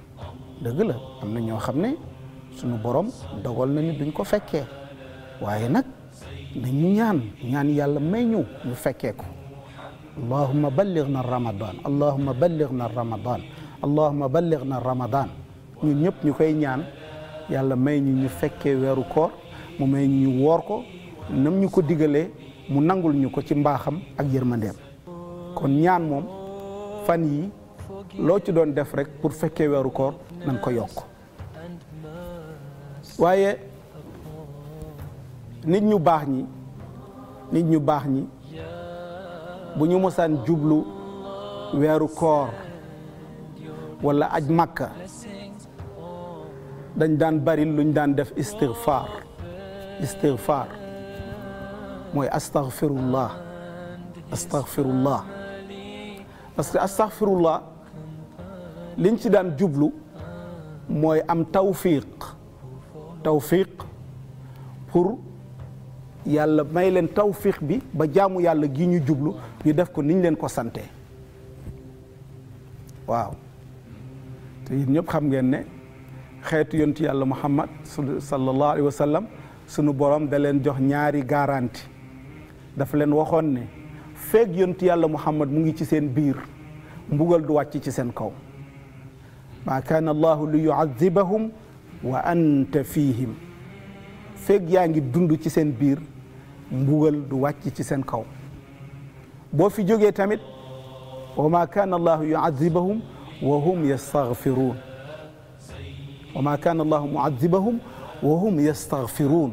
dëgg la am na ñoo xam ne sunu borom dogal nañu duñ ko fekkee waaye nag nañu ñaan ñaan yàlla may ñu ñu fekkee ko allahuma balligna ramadan allahuma balligna ramadan allahuma balligna ramadan ñun ñëpp ñu koy ñaan yàlla may ñu ñu fekkee weeru koor mu may ñu woor ko nam ñu ko digalee mu nangul ñu ko ci mbaaxam ak yërmandeem kon ñaan moom fan yi loo ci doon def rek pour fekkee weeru koor na ko yokk waaye nit ñu baax ñi nit ñu baax ñi bu ñu mosaan jublu weeru koor wala aj màkka dañ daan bari luñ daan def istighfar istighfar mooy astaghfirullah astaghfirullah parce que astaghfirullah liñ ci daan jublu mooy am tawfiq tawfiq pour yàlla may leen tawfiq bi ba jaamu yàlla gi ñu jublu ñu def ko niñ leen ko sante waaw te yéen ñëpp xam ngeen ne xeetu yontu yàlla muhammad sallallahu alayhi wa sallam sunu boroom da leen jox ñaari garanti dafa leen waxoon ne feeg yontu yàlla muhammad mu ngi ci seen biir mbugal du wàcc ci seen kaw maa kaana allahu li yuazibahum wa anta fihim feeg yaa ngi dund ci seen biir mbugal du wàcc ci seen kaw boo fi jógee tamit wa ma kaana allahu yuazibahum wa hum yastaghfiruun wa ma kaana allahu muazibahum wa hum yastaghfiruun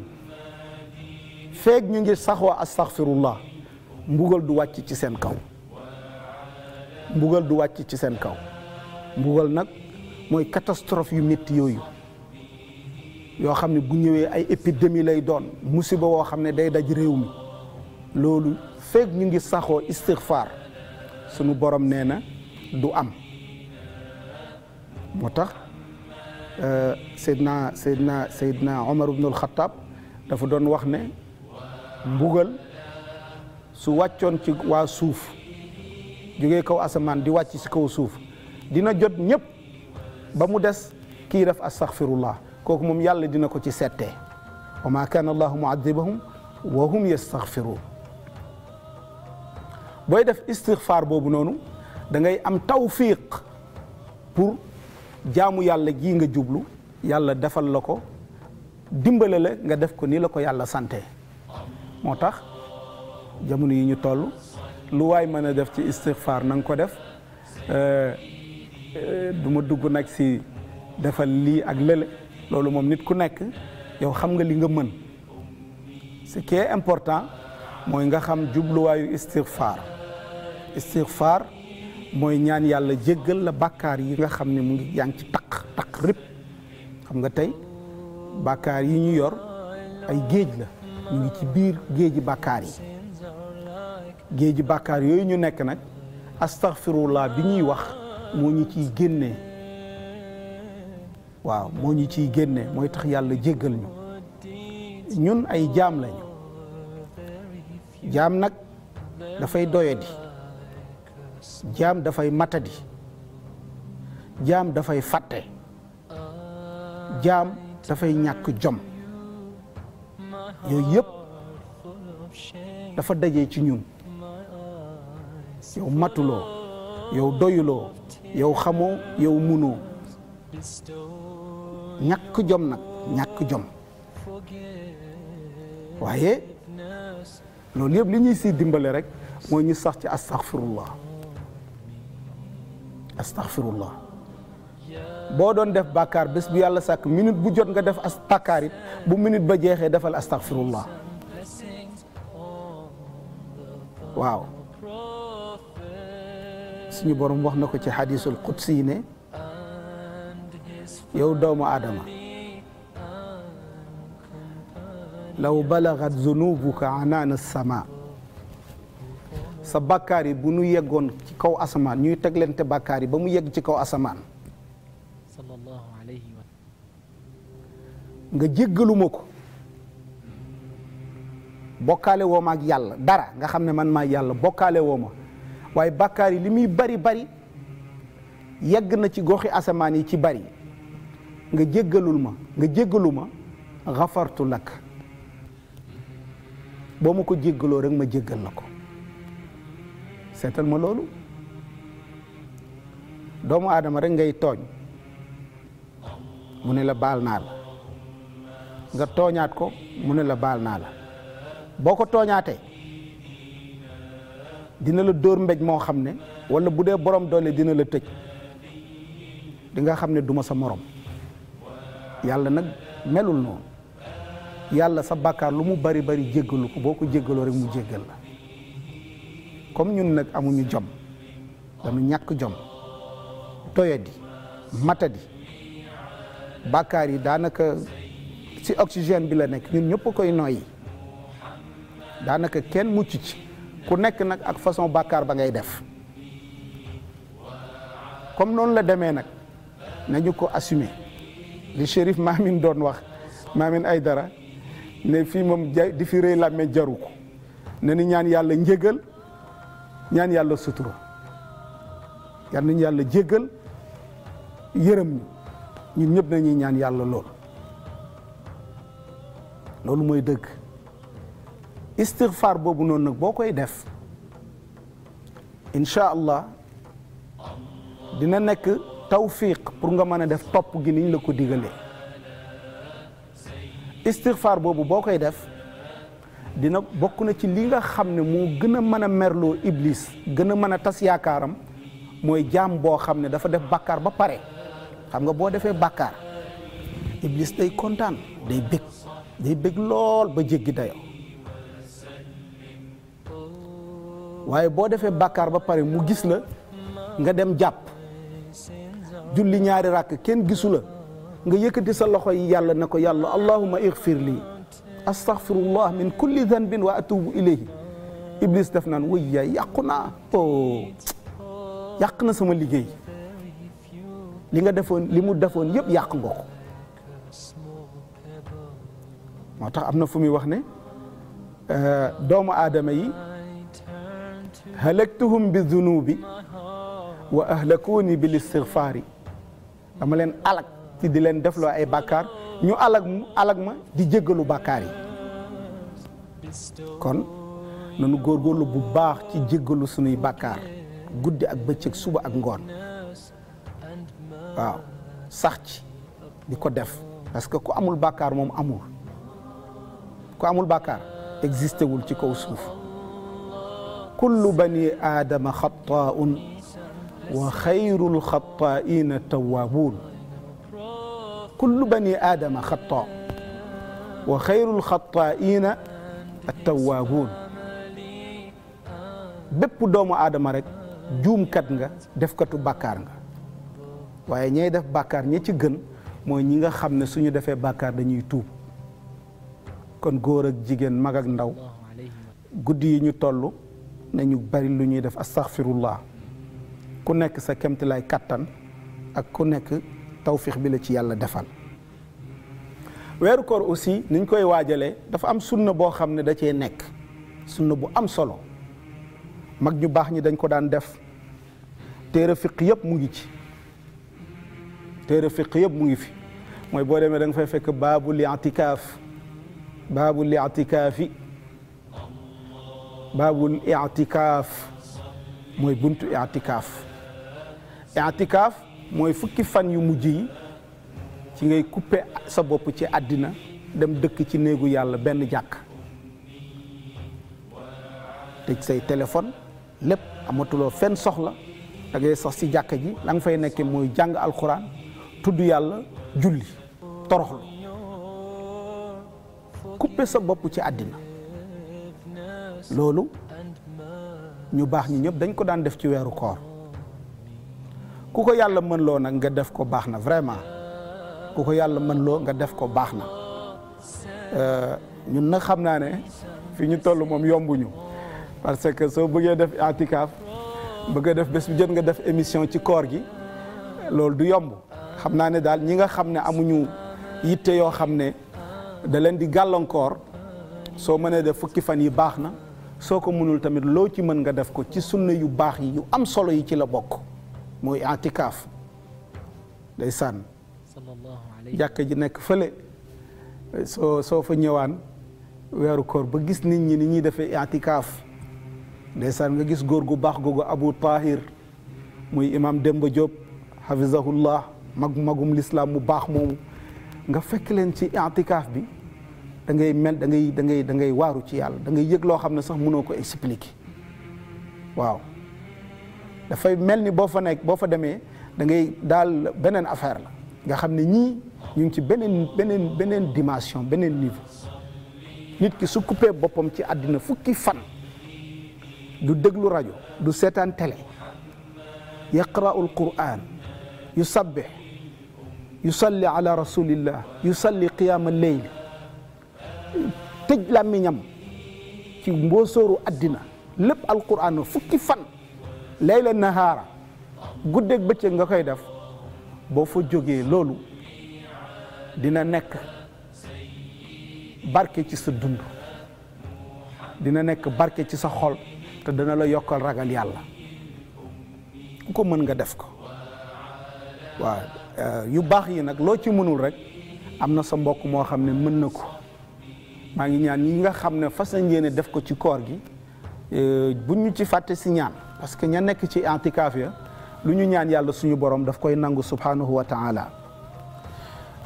feeg ñu ngi saxoo astaghfirullah mbugal du wàcc ci seen kaw mbugal du wàcc ci seen kaw mbugal nag mooy catastrophe yu yooyu yoo xam ne bu ñëwee ay épidémie lay doon musiba woo xam ne day daj réew mi loolu feeg ñu ngi saxoo istixfaar sunu borom nee na du am moo tax euh, Seydina Seydina Seydina Omar ibnul Xattaab dafa doon wax ne mbugal su wàccoon ci waa suuf jógee kaw asamaan di wàcc ci kaw suuf dina jot ñëpp ba mu des kii def astaxfirullah kooku moom yàlla dina ko ci settee wa ma kaana allahu muadibahum wa hum yastaghfiruun booy def istixfaar boobu noonu da ngay am tawfiq pour jaamu yàlla gii nga jublu yàlla defal la ko dimbale la nga def ko nii la ko yàlla sante moo tax jamono yi ñu toll lu waay mën a def ci istixfaar na ko def euh, euh, duma dugg nag si defal lii ak lële loolu moom nit ku nekk yow xam nga li nga mën ce qui important mooy nga xam jubluwaayu istighfar istighfar mooy ñaan yàlla jéggal la bàkkaar yi nga xam ni mu ngi yaa ngi ci taq takk rip xam nga tey bàkkaar yi ñu yor ay géej la ñu ngi ci biir géeji bàkkaar yi géeji bàkkaar yooyu ñu nekk nag astaghfirullah bi ñuy wax moo ñu ciy génnee waaw moo ñu ciy génne mooy tax yàlla jéggal ñu ñun ay jaam lañu jaam nag dafay doyadi jaam dafay matadi jaam dafay fàtte jaam dafay ñàkk jom yooyu yëpp dafa daje ci ñun yow matuloo yow doyuloo yow xamoo yow munoo ñàkk jom nag ñàkk jom waaye loolu yëpp li ñuy siy dimbale rek mooy ñu sax ci astaghfirullah astaghfirullah boo doon def bàkkaar bés bu yàlla sàkk minute bu jot nga def as bàkkaar bu minute ba jeexee defal astaghfirullah waaw suñu borom wax na ko ci xadiisul qudsi ne yow doomu aadama law balagat zunubuka anaana sama sa bàkkaar bu nu yeggoon ci kaw asamaan ñuy teglante bàkkaar ba mu yegg ci kaw asamaan nga jéggaluma ko bokkaale woo ma yàlla dara nga xam ne man maa yàlla bokkaale woo ma waaye bàkkaar yi li muy bari bari yegg na ci goxi asamaan yi ci bari nga jéggalul ma nga jéggalu ma xafartu lakk boo ma ko jéggaloo rek ma jéggal na ko seetal ma loolu doomu aadama rek ngay tooñ mu ne la baal naa la nga tooñaat ko mu ne la baal naa la boo ko tooñaatee dina la dóor mbéj moo xam ne walla bu dee borom doole dina la tëj di nga xam ne duma sa morom yàlla nag melul noonu yàlla sa bàkkaar lu mu bari bari jéggalu ko boo ko jéggaloo rek mu jéggal la comme ñun nag amuñu jom dañu ñàkk jom toyadi matadi bàkkaar yi daanaka si oxygène bi la nekk ñun ñëpp koy noyyi daanaka kenn mucc ci ku nekk nag ak façon bàkkaar ba ngay def comme noonu la demee nag nañu ko assumer li Chérif Maamin doon wax Maamin Aydara ne fii moom ja di fi rëy làmmee jaru ko ne ni ñaan yàlla njëgal ñaan yàlla suturo yal nañu yàlla jéggal yërëm ñu ñun ñëpp nañuy ñaan yàlla lool loolu mooy dëgg istigfaar boobu noonu nag boo koy def incha allah dina nekk tawfiq pour nga mën a def topp gi niñ la ko digalee istixfaar boobu boo koy def dina bokk na ci li nga xam ne moo gën a mën a merloo ibliis gën a mën a tas yaakaaram mooy jaam boo xam ne dafa def bàkkaar ba pare xam nga boo defee bàkkaar iblis day kontaan day bég day bég lool ba jéggi dayoo waaye boo defee bàkkaar ba pare mu gis la nga dem jàpp julli ñaari rakk kenn gisu la nga yëkkati sa loxo yi yàlla ne ko yàlla allahuma igfir lii astaghfirullah min kulli dhanbin wa atubu ilayhi iblis def naan wëy yaay yàqu naa o oh. na sama liggéey li nga defoon li mu defoon yëpp yàq nga moo tax am na fu muy wax ne euh, doomu aadama yi halaktuhum bi zunubi wa ahlakuuni bil istigfaari dama leen alag ci di leen defloo ay bàkkaar ñu alag alag ma di jéggalu bàkkaar yi kon nanu góorlu bu baax ci jéggalu sunuy bàkkaar guddi ak bëccëg suba ak ngoon waaw sax ci di ko def parce que ku amul bàkkaar moom amul ku amul bàkkaar existé wul ci kaw suuf kullu bani aadama xataaun wa xayrul xattaa'iina tawwaabuun kullu bani aadama xattaa wa xayrul xattaa'iina attawwaabuun bépp doomu aadama rekk juumkat nga defkatu bàkkaar nga waaye ñay def bàkkaar ña ci gën mooy ñi nga xam ne su ñu defee bàkkaar dañuy tuub kon góor ak jigéen mag ak ndaw guddi yi ñu toll nañu bari lu ñuy def astaghfirullah ku nekk sa kemtilaay kàttan ak ku nekk tawfix bi la ci yàlla defal weeru koor aussi niñ koy waajalee dafa am sunna boo xam ne da cee nekk sunna bu am solo mag ñu baax ñi dañ ko daan def téere fiq yëpp mu ngi ci téere fiq yëpp mu ngi fi mooy boo demee da fay fekk baabu li atikaaf baabu li atikaafi baabul itikaaf mooy buntu itikaaf itikaaf mooy fukki fan yu mujj yi ci ngay couper sa bopp ci àddina dem dëkk ci néegu yàlla benn jàkk tëj say téléphone lépp amatuloo fenn soxla da sox sax si jàkk ji la fay nekke mooy jàng alxuraan tudd yàlla julli toroxlu couper sa bopp ci àddina loolu ñu baax ñi ñëpp dañ ko daan def ci weeru koor ku ko yàlla mën loo nag nga def ko baax na vraiment ku yàlla mën loo nga def ko baax na euh, ñun nag xam naa ne fi ñu toll moom yombuñu parce que soo bëggee def atikaaf bëgg a def bés bu jot nga def émission ci koor gi loolu du yomb xam naa ne daal ñi nga xam ne amuñu yitte yoo xam ne da leen di gàllankoor soo mënee def fukki fan yi baax na soo ko mënul tamit loo ci mën nga def ko ci sunne yu baax yi yu am solo yi ci la bokk mooy antikaaf day sànn jàkk ji nekk fële soo soo fa ñëwaan weeru koor ba gis nit ñi ni ñuy defee antikaaf ndeysaan nga gis góor gu baax googu Abu Tahir muy imam Demba Diop hafizahullah mag magum lislaam mu baax moomu nga fekk leen ci antikaaf bi da ngay mel da ngay dangay da ngay waaru ci yàlla da ngay yëg loo xam ne sax mënoo ko expliquer waaw dafay mel ni boo fa nekk boo fa demee da ngay daal beneen affaire la nga xam ne ñii ñu ngi ci beneen beneen beneen dimension beneen niveau nit ki su coupé boppam ci àddina fukki fan du déglu rajo du seetaan télé yu qur'an yu yusalli ala rasulillah yusalli qiyaama leyl tëj làmmiñam ci mboosóoru àddina lépp alqur'an fukki fan layla nahaara guddeeg bëccëg nga koy def boo fa jógee loolu dina nekk barke ci sa dund dina nekk barke ci sa xol te dina la yokkal ragal yàlla ku ko mën nga def ko waaw euh, yu baax yi nag loo ci mënul rek am na sa mbokk moo xam ne mën na ko maa ngi ñaan yi nga xam ne fas nañ def ko ci koor gi euh, bu ñu ci fàtte si ñaan parce que ña nekk ci antikaaf ya lu ñu ñaan yàlla suñu borom daf koy nangu subhanahu wa taala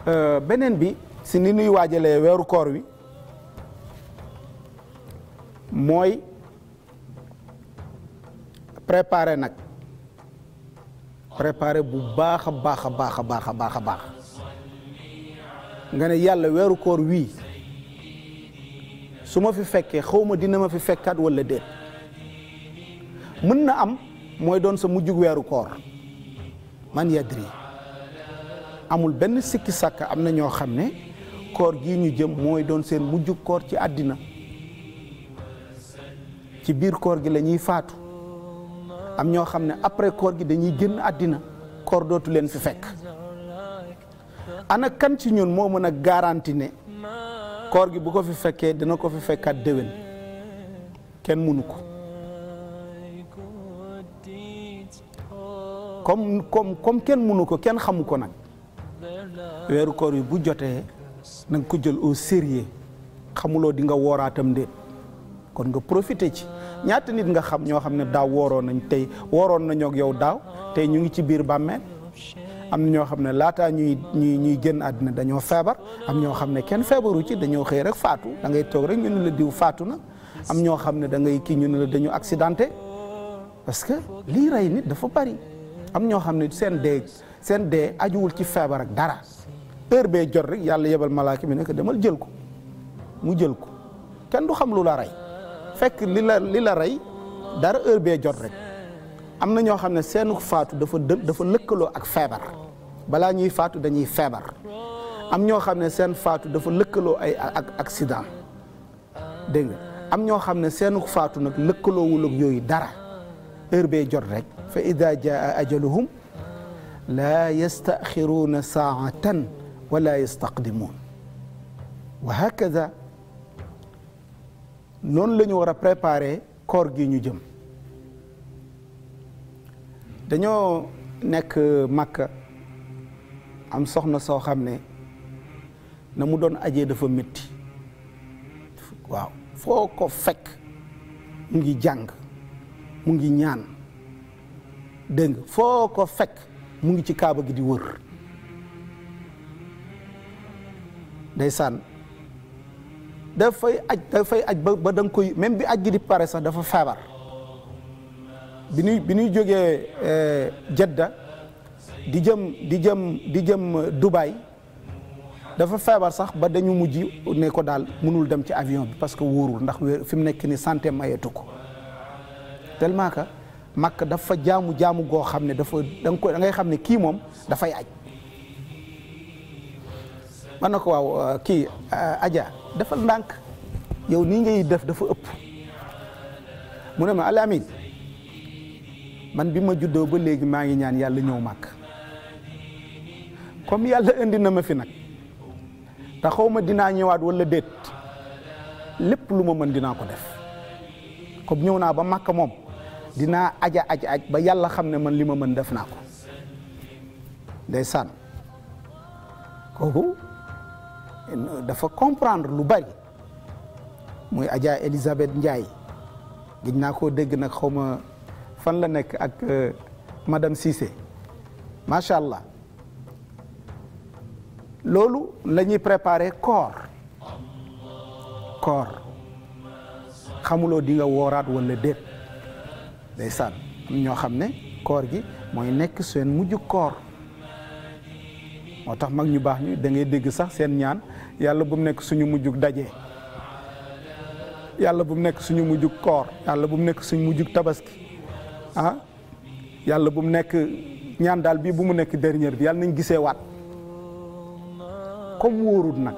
euh, beneen bi si ni nuy waajale weeru koor wi mooy préparer nag préparer bu baax a baax a baax a baax a baax a baax nga ne yàlla weeru koor wii su ma fi fekkee xaw ma dina ma fi fekkaat walla déet mën na am mooy doon sa mujjug weeru koor man yadri amul benn sikki sàkk am na ñoo xam ne koor gi ñu jëm mooy doon seen mujjug koor ci àddina ci biir koor gi lañuy faatu am ñoo xam ne après koor gi dañuy génn àddina koor dootu leen fi fekk ana kan ci ñoon moo mën a garanti ne koor gi bu ko fi fekkee dina ko fi fekkaat déwén kenn mënu ko comme comme comme kenn munu ko kenn xamu ko nag weeru koor yi bu jotee na nga ko jël au sérieux xamuloo di nga wooraatam de kon nga profité ci ñaata nit nga xam ñoo xam ne daaw wooroon nañ tey wooroon nañoo ak yow daaw tey ñu ngi ci biir bàmmeel am na ñoo xam ne laataa ñuy ñuy ñuy génn àddina dañoo feebar am ñoo xam ne kenn feebaru ci dañoo xëy rek faatu da ngay toog rek ñu ne la diw faatu na am ñoo xam ne da ngay kii ñu ne la dañu accidenté parce que lii nit dafa bari. am ñoo xam ne seen dee seen dee ajuwul ci feebar ak dara heure bee jot rek yàlla yebal malaaka mi ne demal jël ko mu jël ko kenn du xam lu la rey fekk li la li la rey dara heure bee jot rek am na ñoo xam ne seenu faatu dafa dafa lëkkaloo ak feebar balaa ñuy faatu dañuy feebar am ñoo xam ne seen faatu dafa lëkkaloo ay ak accident dégg nga am ñoo xam ne seenu faatu nag lëkkaloowul yooyu dara heure bee jot rek. fa ida jaa ajaluhum laa yastaxiruuna saatan wala yastaqdimuun wa hakada noonu la war a préparer koor gi ñu jëm dañoo nekk Makka am soxna soo xam ne na mu doon aje dafa metti waaw foo ko fekk mu ngi jàng mu ngi ñaan dégg nga foo ko fekk mu ngi ci kaaba gi di wër ndeysaan dafay aj dafay aj ba ba koy même bi aj gi di pare sax dafa feebar bi ñuy bi ñuy jógee eh, Jedda di jëm di jëm di jëm eh, Dubaay dafa feebar sax ba dañu mujj ne ko daal mënul dem ci avion bi parce que wóorul ndax fi mu nekk ni santé mayetu ko tellement que Makka dafa jaamu jaamu goo xam ne dafa da ko da xam ne kii moom dafay aj man na ko waaw euh, kii euh, aja dafa ndànk yow nii ngay def dafa ëpp mu ne ma alamin man bi ma juddoo ba léegi maa ngi ñaan yàlla ñëw màkk comme yàlla indi na ma fi nag te xaw dinaa ñëwaat walla déet lépp lu ma mën dinaa ko def comme ñëw naa ba màkk moom dinaa aja aj aj ba yàlla xam ne man li ma mën def naa ko ndeysaan kooku dafa comprendre lu bari muy Adja Elisabeth Ndiaye gis naa koo dégg nag xawma fan la nekk ak euh, madame Cissé macha allah loolu la ñuy préparer corps corps xamuloo di nga wooraat wala déet. ndeysaan am ñoo xam ne koor gi mooy nekk seen mujj koor moo tax mag ñu baax ñu dangay dégg sax seen ñaan yàlla bu mu nekk suñu mujjug daje yàlla bu mu nekk suñu mujjug koor yàlla bu mu nekk suñu mujjug tabaski ah yàlla bu mu nekk ñaan daal bii bu mu nekk dernière bi yàlla nañ gisee waat comme wóorut nag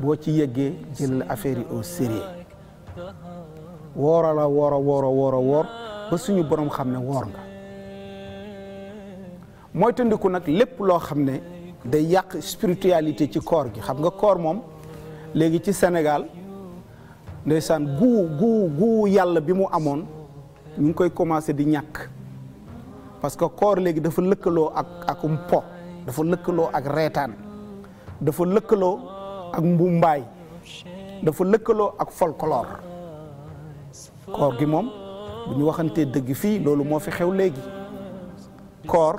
boo ci yeggee jël affaire yi au sérieux woora la woor a woor a woor a woor ba suñu borom xam ne woor nga mooy tëndiku nag lépp loo xam ne day yàq spiritualité ci koor gi xam nga koor moom léegi ci Sénégal ndeysaan guu guu guu yàlla bi mu amoon ñu ngi koy commencé di ñàkk parce que koor léegi dafa lëkkaloo ak akum dafa lëkkaloo ak reetaan dafa lëkkaloo ak mbumbaay dafa lëkkaloo ak folklore koor gi moom bu ñu waxantee dëgg fii loolu moo fi xew léegi koor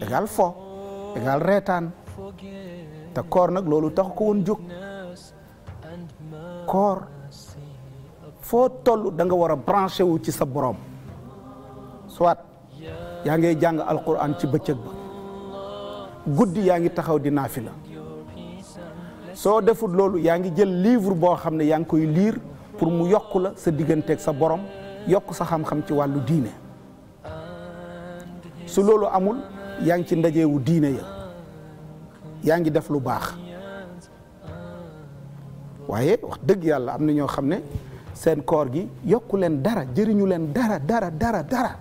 égal fo égal reetaan te koor nag loolu tax ko woon jóg koor foo toll danga nga war a branché wu ci sa boroom soit yaa ngay jàng alquran ci bëccëg guddi yaa ngi taxaw di naafila soo deful loolu yaa ngi jël livre boo xam ne yaa ngi koy liir pour mu yokk la sa digganteeg sa borom yokk sa xam-xam ci wàllu diine su loolu amul yaa ngi ci ndajewu diine ya yaa ngi def lu baax waaye wax dëgg yàlla am na ñoo xam ne seen koor gi yokku leen dara jëriñu leen dara dara dara dara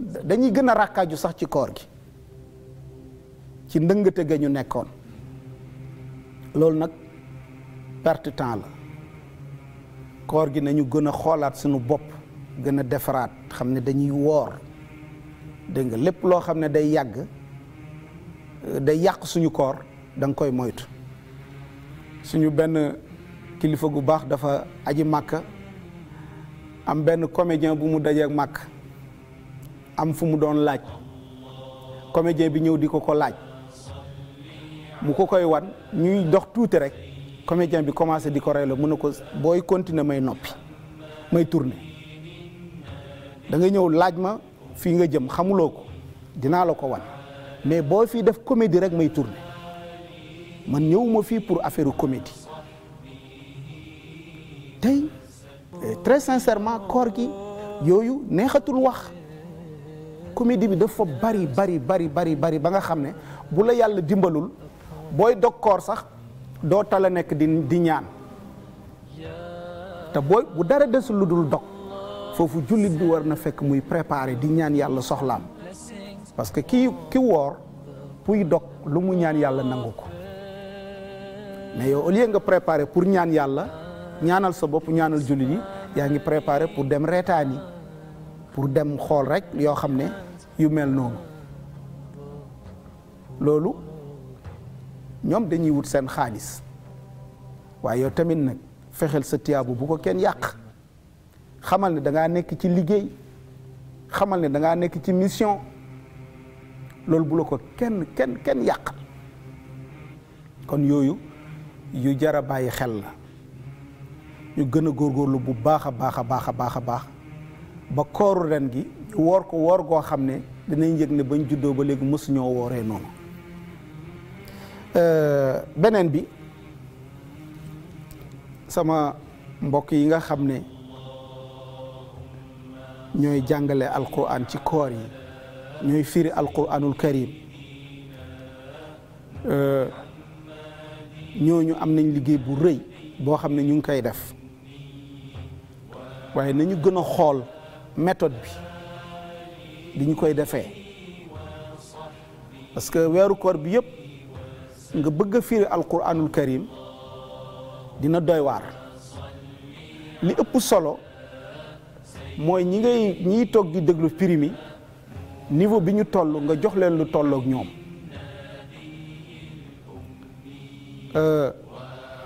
dañuy gën a ràkkaaju sax ci koor gi ci ndëngate ga ñu nekkoon loolu nag perte temps la koor gi nañu gën a xoolaat suñu bopp gën a defaraat xam ne dañuy woor dégg nga lépp loo xam ne day yàgg day yàq suñu koor danga koy moytu suñu benn kilifa gu baax dafa aji màkka am benn comédien bu mu dajee màkk am fu mu doon laaj comédien bi ñëw di ko ko laaj mu ko koy wan ñuy dox tuuti rek comédien bi commencé di ko rey la mun na ko booy continuer may noppi may tourner da nga ñëw laaj ma fii nga jëm xamuloo ko dinaa la ko wan mais boo fii def comédie rek may tourner man ñëwuma fii pour affaire comédie tey eh, très sincèrement koor gi yooyu neexatul wax comédie bi def bari bari bari bari bari ba nga xam ne bu la yàlla dimbalul booy dog koor sax doo tala nekk di di ñaan te booy bu dara des lu dul dog foofu jullit bi war na fekk muy préparer di ñaan yàlla soxlaam parce que kii ki woor puy dog lu mu ñaan yàlla nangu ko mais yow au lieu nga préparé pour ñaan yàlla ñaanal sa bopp ñaanal jullit yi yaa ngi préparer pour dem reetaan yi pour dem xool rek yoo xam ne yu mel noonu loolu ñoom dañuy wut seen xaalis waaye yow tamit nag fexeel sa tiyaabu bu ko kenn yàq xamal ne dangaa nekk ci liggéey xamal ne dangaa nekk ci mission loolu bu la ko kenn kenn kenn yàq kon yooyu yu jar a bàyyi xel la ñu gën a góorlu bu baax a baax a baax a baax a baax ba kooru ren gi ñu woor ko woor goo xam ne danañ yëg ne bañ juddoo ba léegi mësuñoo wooree noonu Euh, beneen bi sama mbokk yi nga xam ne ñooy jàngale alquran ci koor yi ñooy firi alquranul karim euh, ñooñu am nañ liggéey bu rëy boo xam ne ñu ngi koy def waaye nañu gën a xool méthode bi bi ñu koy defee parce que weeru koor bi yëpp nga bëgg a firi alquranul karim dina doy waar li ëpp solo mooy ñi ngay ñiy toog di déglu firi mi niveau bi ñu toll nga jox leen lu tolloog ñoom euh,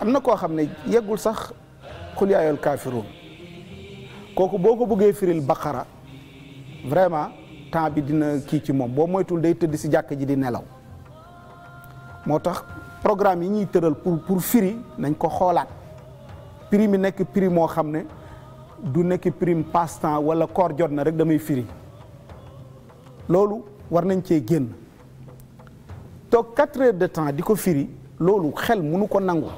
am na koo xam ne yeggul sax xul yaayol kaafiruun kooku boo ko bëggee firil baqara vraiment temps bi dina kii ci moom boo moytul day tëdd si jàkk ji di nelaw moo tax programme yi ñuy tëral pour pour firi nañ ko xoolaat prix mi nekk prix moo xam ne du nekk prime passe temps wala koor jot na rek damay firi loolu war nañ cee génn toog quatre heures de temps di ko firi loolu xel mënu ko nangu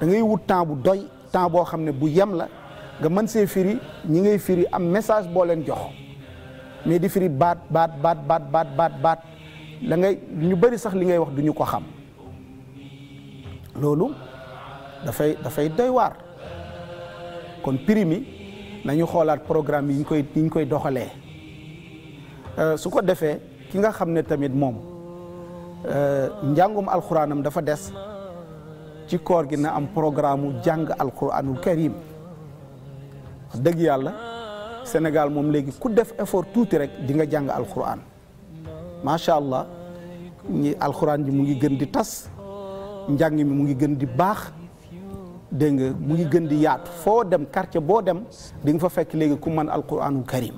da ngay wut temps bu doy temps boo xam ne bu yem la nga mën see firi ñi ngay firi am message boo leen jox mais di firi baat baat baat baat baat baat baat la ngay ñu bëri sax li ngay wax duñu ko xam loolu dafay dafay doy waar kon primi nañu xoolaat programme yi ñu koy yi koy doxalee euh, su ko defee ki nga xam ne tamit moom euh, njàngum alxuraanam dafa des ci koor gi na am programme mu jàng alxuraanul karim dëgg yàlla senegal moom léegi ku def effort tuuti rek di nga jàng alxuraan macha allah ñi alxuraan ji mu ngi gën di tas njàng mi mu ngi gën di baax dégg nga mu ngi gën di yaat foo dem quartier boo dem di nga fa fekk léegi ku mën alxuraanul karim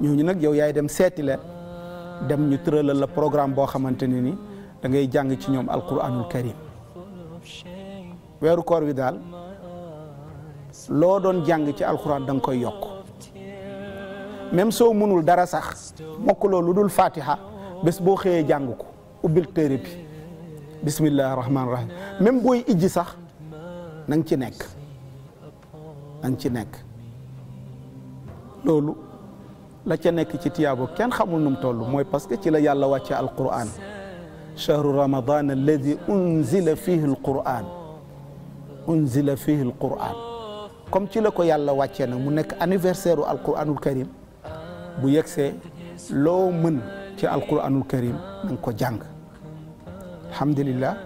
ñooñu nag yow yaay dem seeti leen dem ñu tëralal la programme boo xamante ne ni da ngay jàng ci ñoom alxuraanul karim weeru koor wi daal loo doon jàng ci alxuraan da nga koy yokk. même soow mënul dara sax mokkuloo lu dul fatiha bés boo xëyee jàng ko ubbil téere bi bismillahi rahmaani rahim même booy ijji sax na ci nekk na ci nekk loolu la ca nekk ci tiyaabo kenn xamul nu mu toll mooy parce que ci la yàlla wàcce alquran chahru ramadan alladi unzila fihi alquran unzila fihi alquran comme ci la ko yàlla wàccee nag mu nekk anniversaire u alquranul karim bu yegsee loo mën ci alquranul karim na nga ko jàng alhamdulillah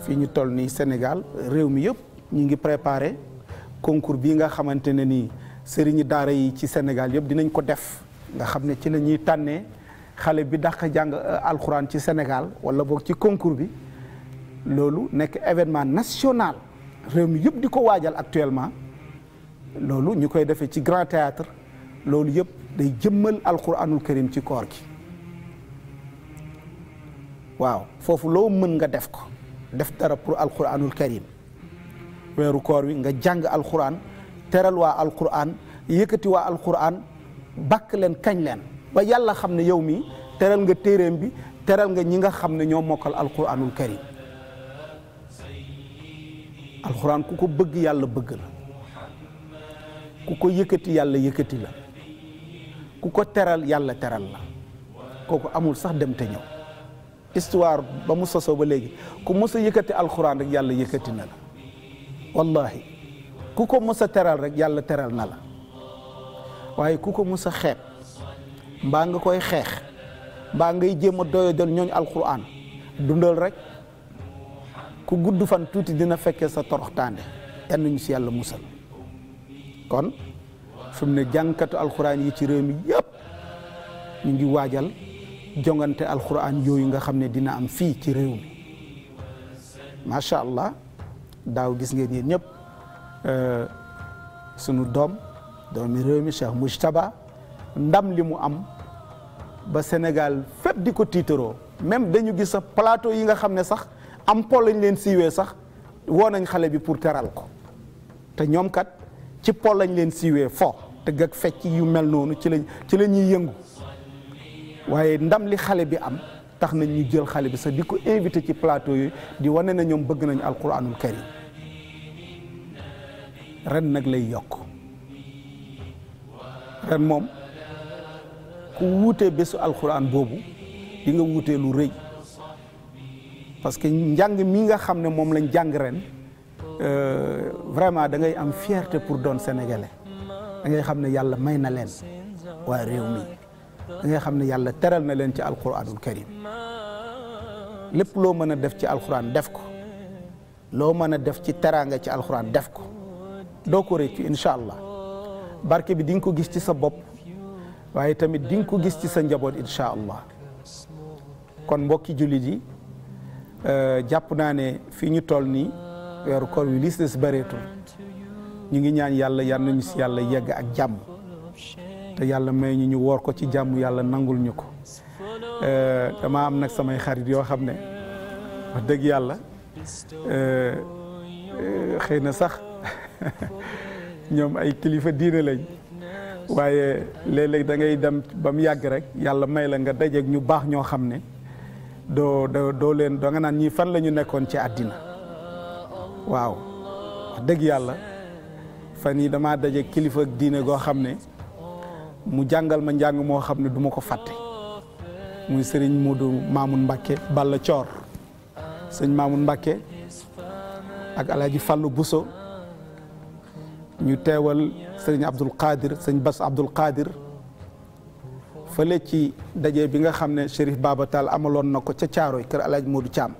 fi ñu toll nii Sénégal réew mi yëpp ñu ngi préparer concours bi nga xamante ne nii sëriñi daara yi ci Sénégal yëpp dinañ ko def nga xam ne ci la ñuy tànnee xale bi daq jàng euh, alxuraan ci Sénégal wala boog ci concours bi loolu nekk événement national réew mi yëpp di ko waajal actuellement loolu ñu koy defee ci grand théâtre loolu yëpp day jëmmal alquranul karim ci koor gi waaw foofu loo mën nga def ko def dara pour alquranul karim weeru koor wi nga jàng alquran teral waa alquran yëkkati waa alquran bàkk leen kañ leen ba yàlla xam ne yow mi teral nga téeréem bi teral nga ñi nga xam ne ñoo mokkal alquranul karim alquran ku ko bëgg yàlla bëgg la ku ko yëkkati yàlla yëkkati la ku ko teral yàlla teral la kooku amul sax dem te ñëw histoire ba mu sosoo ba léegi ku mos a yëkkati alxuraan rek yàlla yëkkati na la ko mos a teral rek yàlla teral na waaye ku ko mos a xeet mbaa nga koy xeex mbaa ngay jéem a doyadal ñooñu alxuraan dundal rek ku gudd fan tuuti dina fekkee sa toroxtaande yal nañu si yàlla musal kon fi mu ne jànkatu alxuraan yi ci réew mi yëpp ñu ngi waajal jongante alxuraan yooyu nga xam ne dina am fii ci réew mi macha allah daaw gis ngeen yéen ñëpp eh, sunu doom doomi réew mi Cheikh Moujtaba ndam li mu am ba Sénégal fépp di ko tiitaroo même dañu gis sax plateau yi nga xam ne sax am po lañ leen siiwee sax woo nañ xale bi pour teral ko te ñoom kat. ci pol lañ leen siiwee fo tëgg ak fecc yu mel noonu ci lañ ci la ñuy yëngu waaye ndam li xale bi am tax nañ ñu jël xale bi sax di ko invité ci plateau yi di wane na ñoom bëgg nañu alquranul karim ren nag lay yokk ren moom ku wuutee bésu alxuraan boobu di nga wuutee lu rëy parce que njàng mii nga xam ne moom lañ jàng ren Euh, vraiment da ngay am fierte pour doon sénégalais da ngay xam ne yàlla may na leen waa réew mi dangay xam ne yàlla teral na leen ci alquranul karim lépp loo mën a def ci alquran def ko loo mën a def ci teraanga ci alquran def ko doo ko réccu incha allah barke bi di nga ko gis ci sa bopp waaye tamit di nga ko gis ci sa njaboot incha allah kon mbokki jullit yi euh, jàpp naa ne fii ñu toll nii. weeru koor wi liis des bareetul ñu ngi ñaan yàlla yal nañu si yàlla yegg ak jàmm te yàlla may ñu ñu woor ko ci jàmm yàlla nangul ñu ko euh, dama am nag samay xarit yoo xam ne wax dëgg yàlla euh, euh, xëy na sax ñoom ay kilifa diine lañ waaye léeg-léeg da ngay dem ba mu yàgg rek yàlla may la nga dajeek ñu baax ñoo xam ne doo doo doo leen doo naan ñii fan la ñu nekkoon ci àddina waaw wax dëgg yàlla fan yii dama daje kilifa diine goo xam ne mu jàngal ma njàng moo xam ne duma ko fàtte muy sëriñ Modou Mamoun Mbakke Balla Coor sëñ Mamoun Mbakke ak alaaji Fàllu Buso ñu teewal sëriñ Abdul Qadir sëñ Bas Abdul Qadir fële ci daje bi nga xam ne Chérif Baba amaloon na ko ca Caaroy kër alaaji Modou Thiam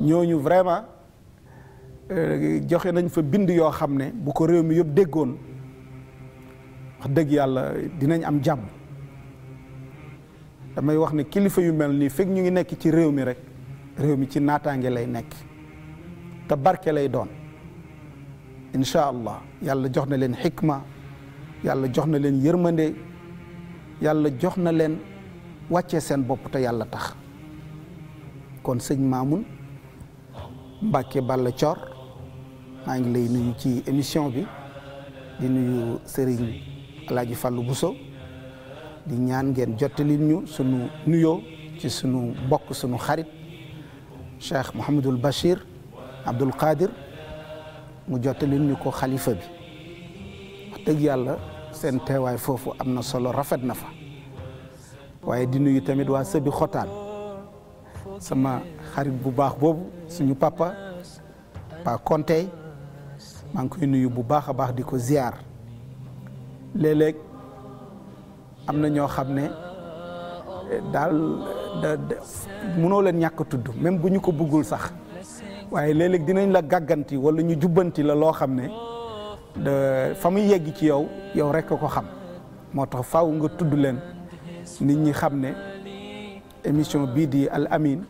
ñooñu vraiment Euh, joxe nañ fa bind yoo xam ne bu ko réew mi yëpp déggoon wax dëgg yàlla dinañ am jàmm damay wax ne kilifa yu mel nii fekk ñu ngi nekk ci réew mi rek réew mi ci naataange lay nekk te barke lay doon incha allah yàlla jox na leen xikma yàlla jox na leen yërmande yàlla jox na leen wàcce seen bopp te yàlla tax kon sëñ Maamun Mbàkke Balla Coor maa ngi lay nuyu ci émission bi di nuyu sëriñ Serigne Alaaji Fallou Bousso di ñaan ngeen jottali ñu suñu nuyoo ci suñu mbokk sunu xarit Cheikh Mouhamadul Bachir Abdoul kaadir mu jottali ñu ko xalifa bi wax dëgg yàlla seen teewaay foofu am na solo rafet na fa waaye di nuyu tamit waa sëbi xotaan sama xarit bu baax boobu suñu papa Pa Konte maa ngi koy nuyu bu baax a baax di ko ziar léeg-léeg am na ñoo xam ne eh, daal da mënoo leen ñàkk tudd même bu ñu ko buggul sax waaye léeg-léeg dinañ la gàgganti walla ñu jubbanti la loo xam ne de fa muy yegg ci yow yow rekk ko xam moo tax faw nga tudd leen nit ñi xam ne émission bii di Al Amine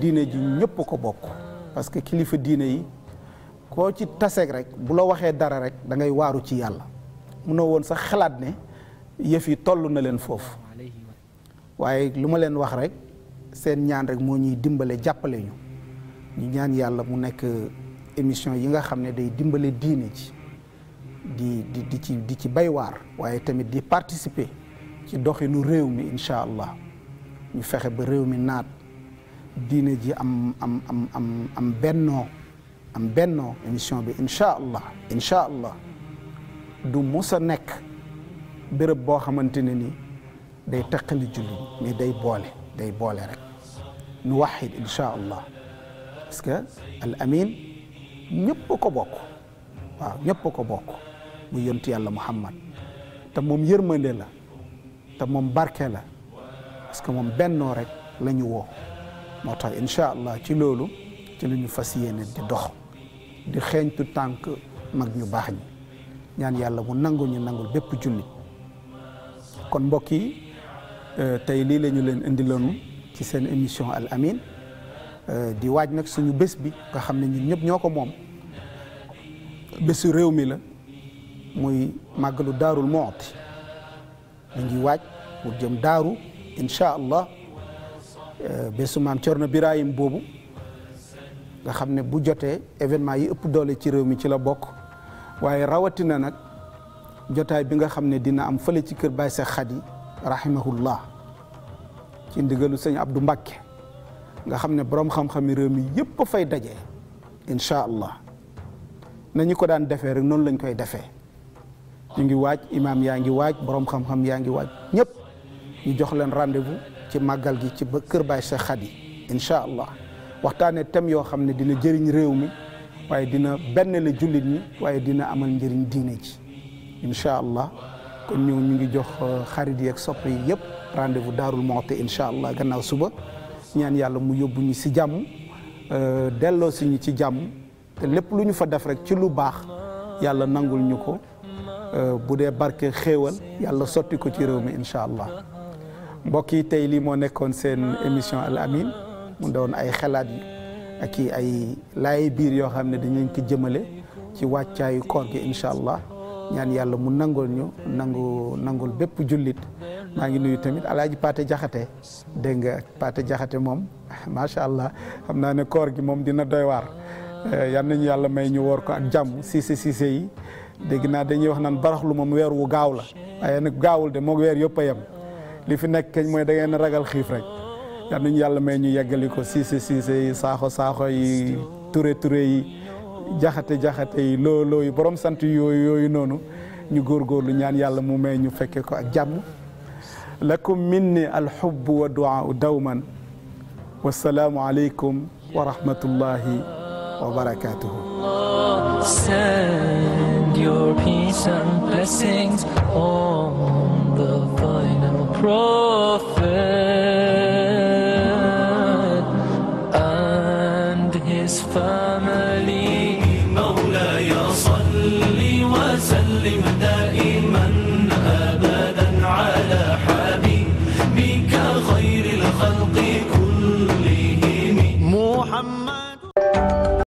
diine ji ñëpp ko bokk parce que kilifa diine yi. koo ci taseeg rek bu la waxee dara rek da ngay waaru ci yàlla munoo woon sax xalaat ne yëf yi toll na leen foofu waaye lu ma leen wax rek seen ñaan rek moo ñuy dimbale jàppale ñu ñu ñaan yàlla mu nekk émission yi nga xam ne day dimbale diine ji di di di ci di ci baywaar waaye tamit di participer ci doxinu réew mi incha allah ñu fexe ba réew mi naat diine ji am am am am am bennoo am bennoo émission bi incha allah incha allah du mus a nekk béréb boo xamante ne ni day taqali julli mais day boole day boole rek nu waxit incha allah parce que al amin ñëpp ko bokk waaw ñëpp ko bokk mu yontu yàlla muhammad te moom yërmande la te moom barke la parce que moom bennoo rek la ñu woo moo tax incha allah ci loolu ci la ñu fas yéene di dox di xeeñtu tànk mag ñu baax ñi ñaan yàlla mu nangu ñu nangul bépp jullit kon mbokk yi euh, tey lii la ñu leen indiloon ci seen émission Al Amine euh, di waaj nag suñu bés bi nga xam ne ñun ñëpp ñoo ko moom bésu réew mi la muy lu daarul mooti ñu ngi waaj pour jëm daaru incha allah euh, bésu maam Cerno Birahim boobu nga xam ne bu jotee événement yi ëpp doole ci réew mi ci la bokk waaye rawatina nag jotaay bi nga xam ne dina am fële ci kër Baye Seex Xadi rahimahullah ci ndigalu sëñ Abdou Mbàkke nga xam ne boroom xam-xami réew mi yëpp fay daje incha allah nañu ko daan defee rek noonu lañ koy defee ñu ngi waaj imaam yaa ngi waaj boroom xam-xam yaa ngi waaj ñëpp ñu jox leen rendez-vous ci màggal gi ci ba kër Baye Seex Xadi incha allah waxtaanee thème yoo xam ne dina jëriñ réew mi waaye dina benn la jullit ñi waaye dina amal njëriñ diine ci incha allah kon ñëw ñu ngi jox euh, xarit yi ak sopp yi yëpp rendez-vous Daarul te incha allah gannaaw suba ñaan yàlla mu yóbbu ñu si jàmm euh, delloo si ñu ci jàmm te lépp lu ñu fa def rek ci lu baax yàlla nangul ñu ko euh, bu dee barke xéewal yàlla sotti ko ci réew mi incha allah mbokk yi tey lii moo nekkoon seen émission Al Amine mu doon ay xalaat yi ak i ay laay biir yoo xam ne dañu ko jëmale ci wàccaayu koor gi incha allah ñaan yàlla mu nangool ñu nangu nangul bépp jullit maa ngi nuyu tamit alaaji Paate Jaxate dégg nga Paate Jaxate moom macha allah xam naa ne koor gi moom dina doy waar eh, yal nañu yàlla may ñu woor ko ak jàmm siise siise yi dégg naa dañuy wax naan baraxlu moom weer wu gaaw la waaye nag gaawul de moog weer yëpp a yem li fi nekk kañ mooy da ngeen ragal xiif rek yal nañu yàlla may ñu yeggali ko siise siise yi saaxo saaxo yi ture ture yi jaxate jaxate yi looloo borom sant yooyu yooyu noonu ñu góorgóorlu ñaan yàlla mu may ñu fekke ko ak jàmm lakum minni alxubbu wa duaa dawman wassalaamu aleykum wa rahmatullahi wa barakatuhu 分。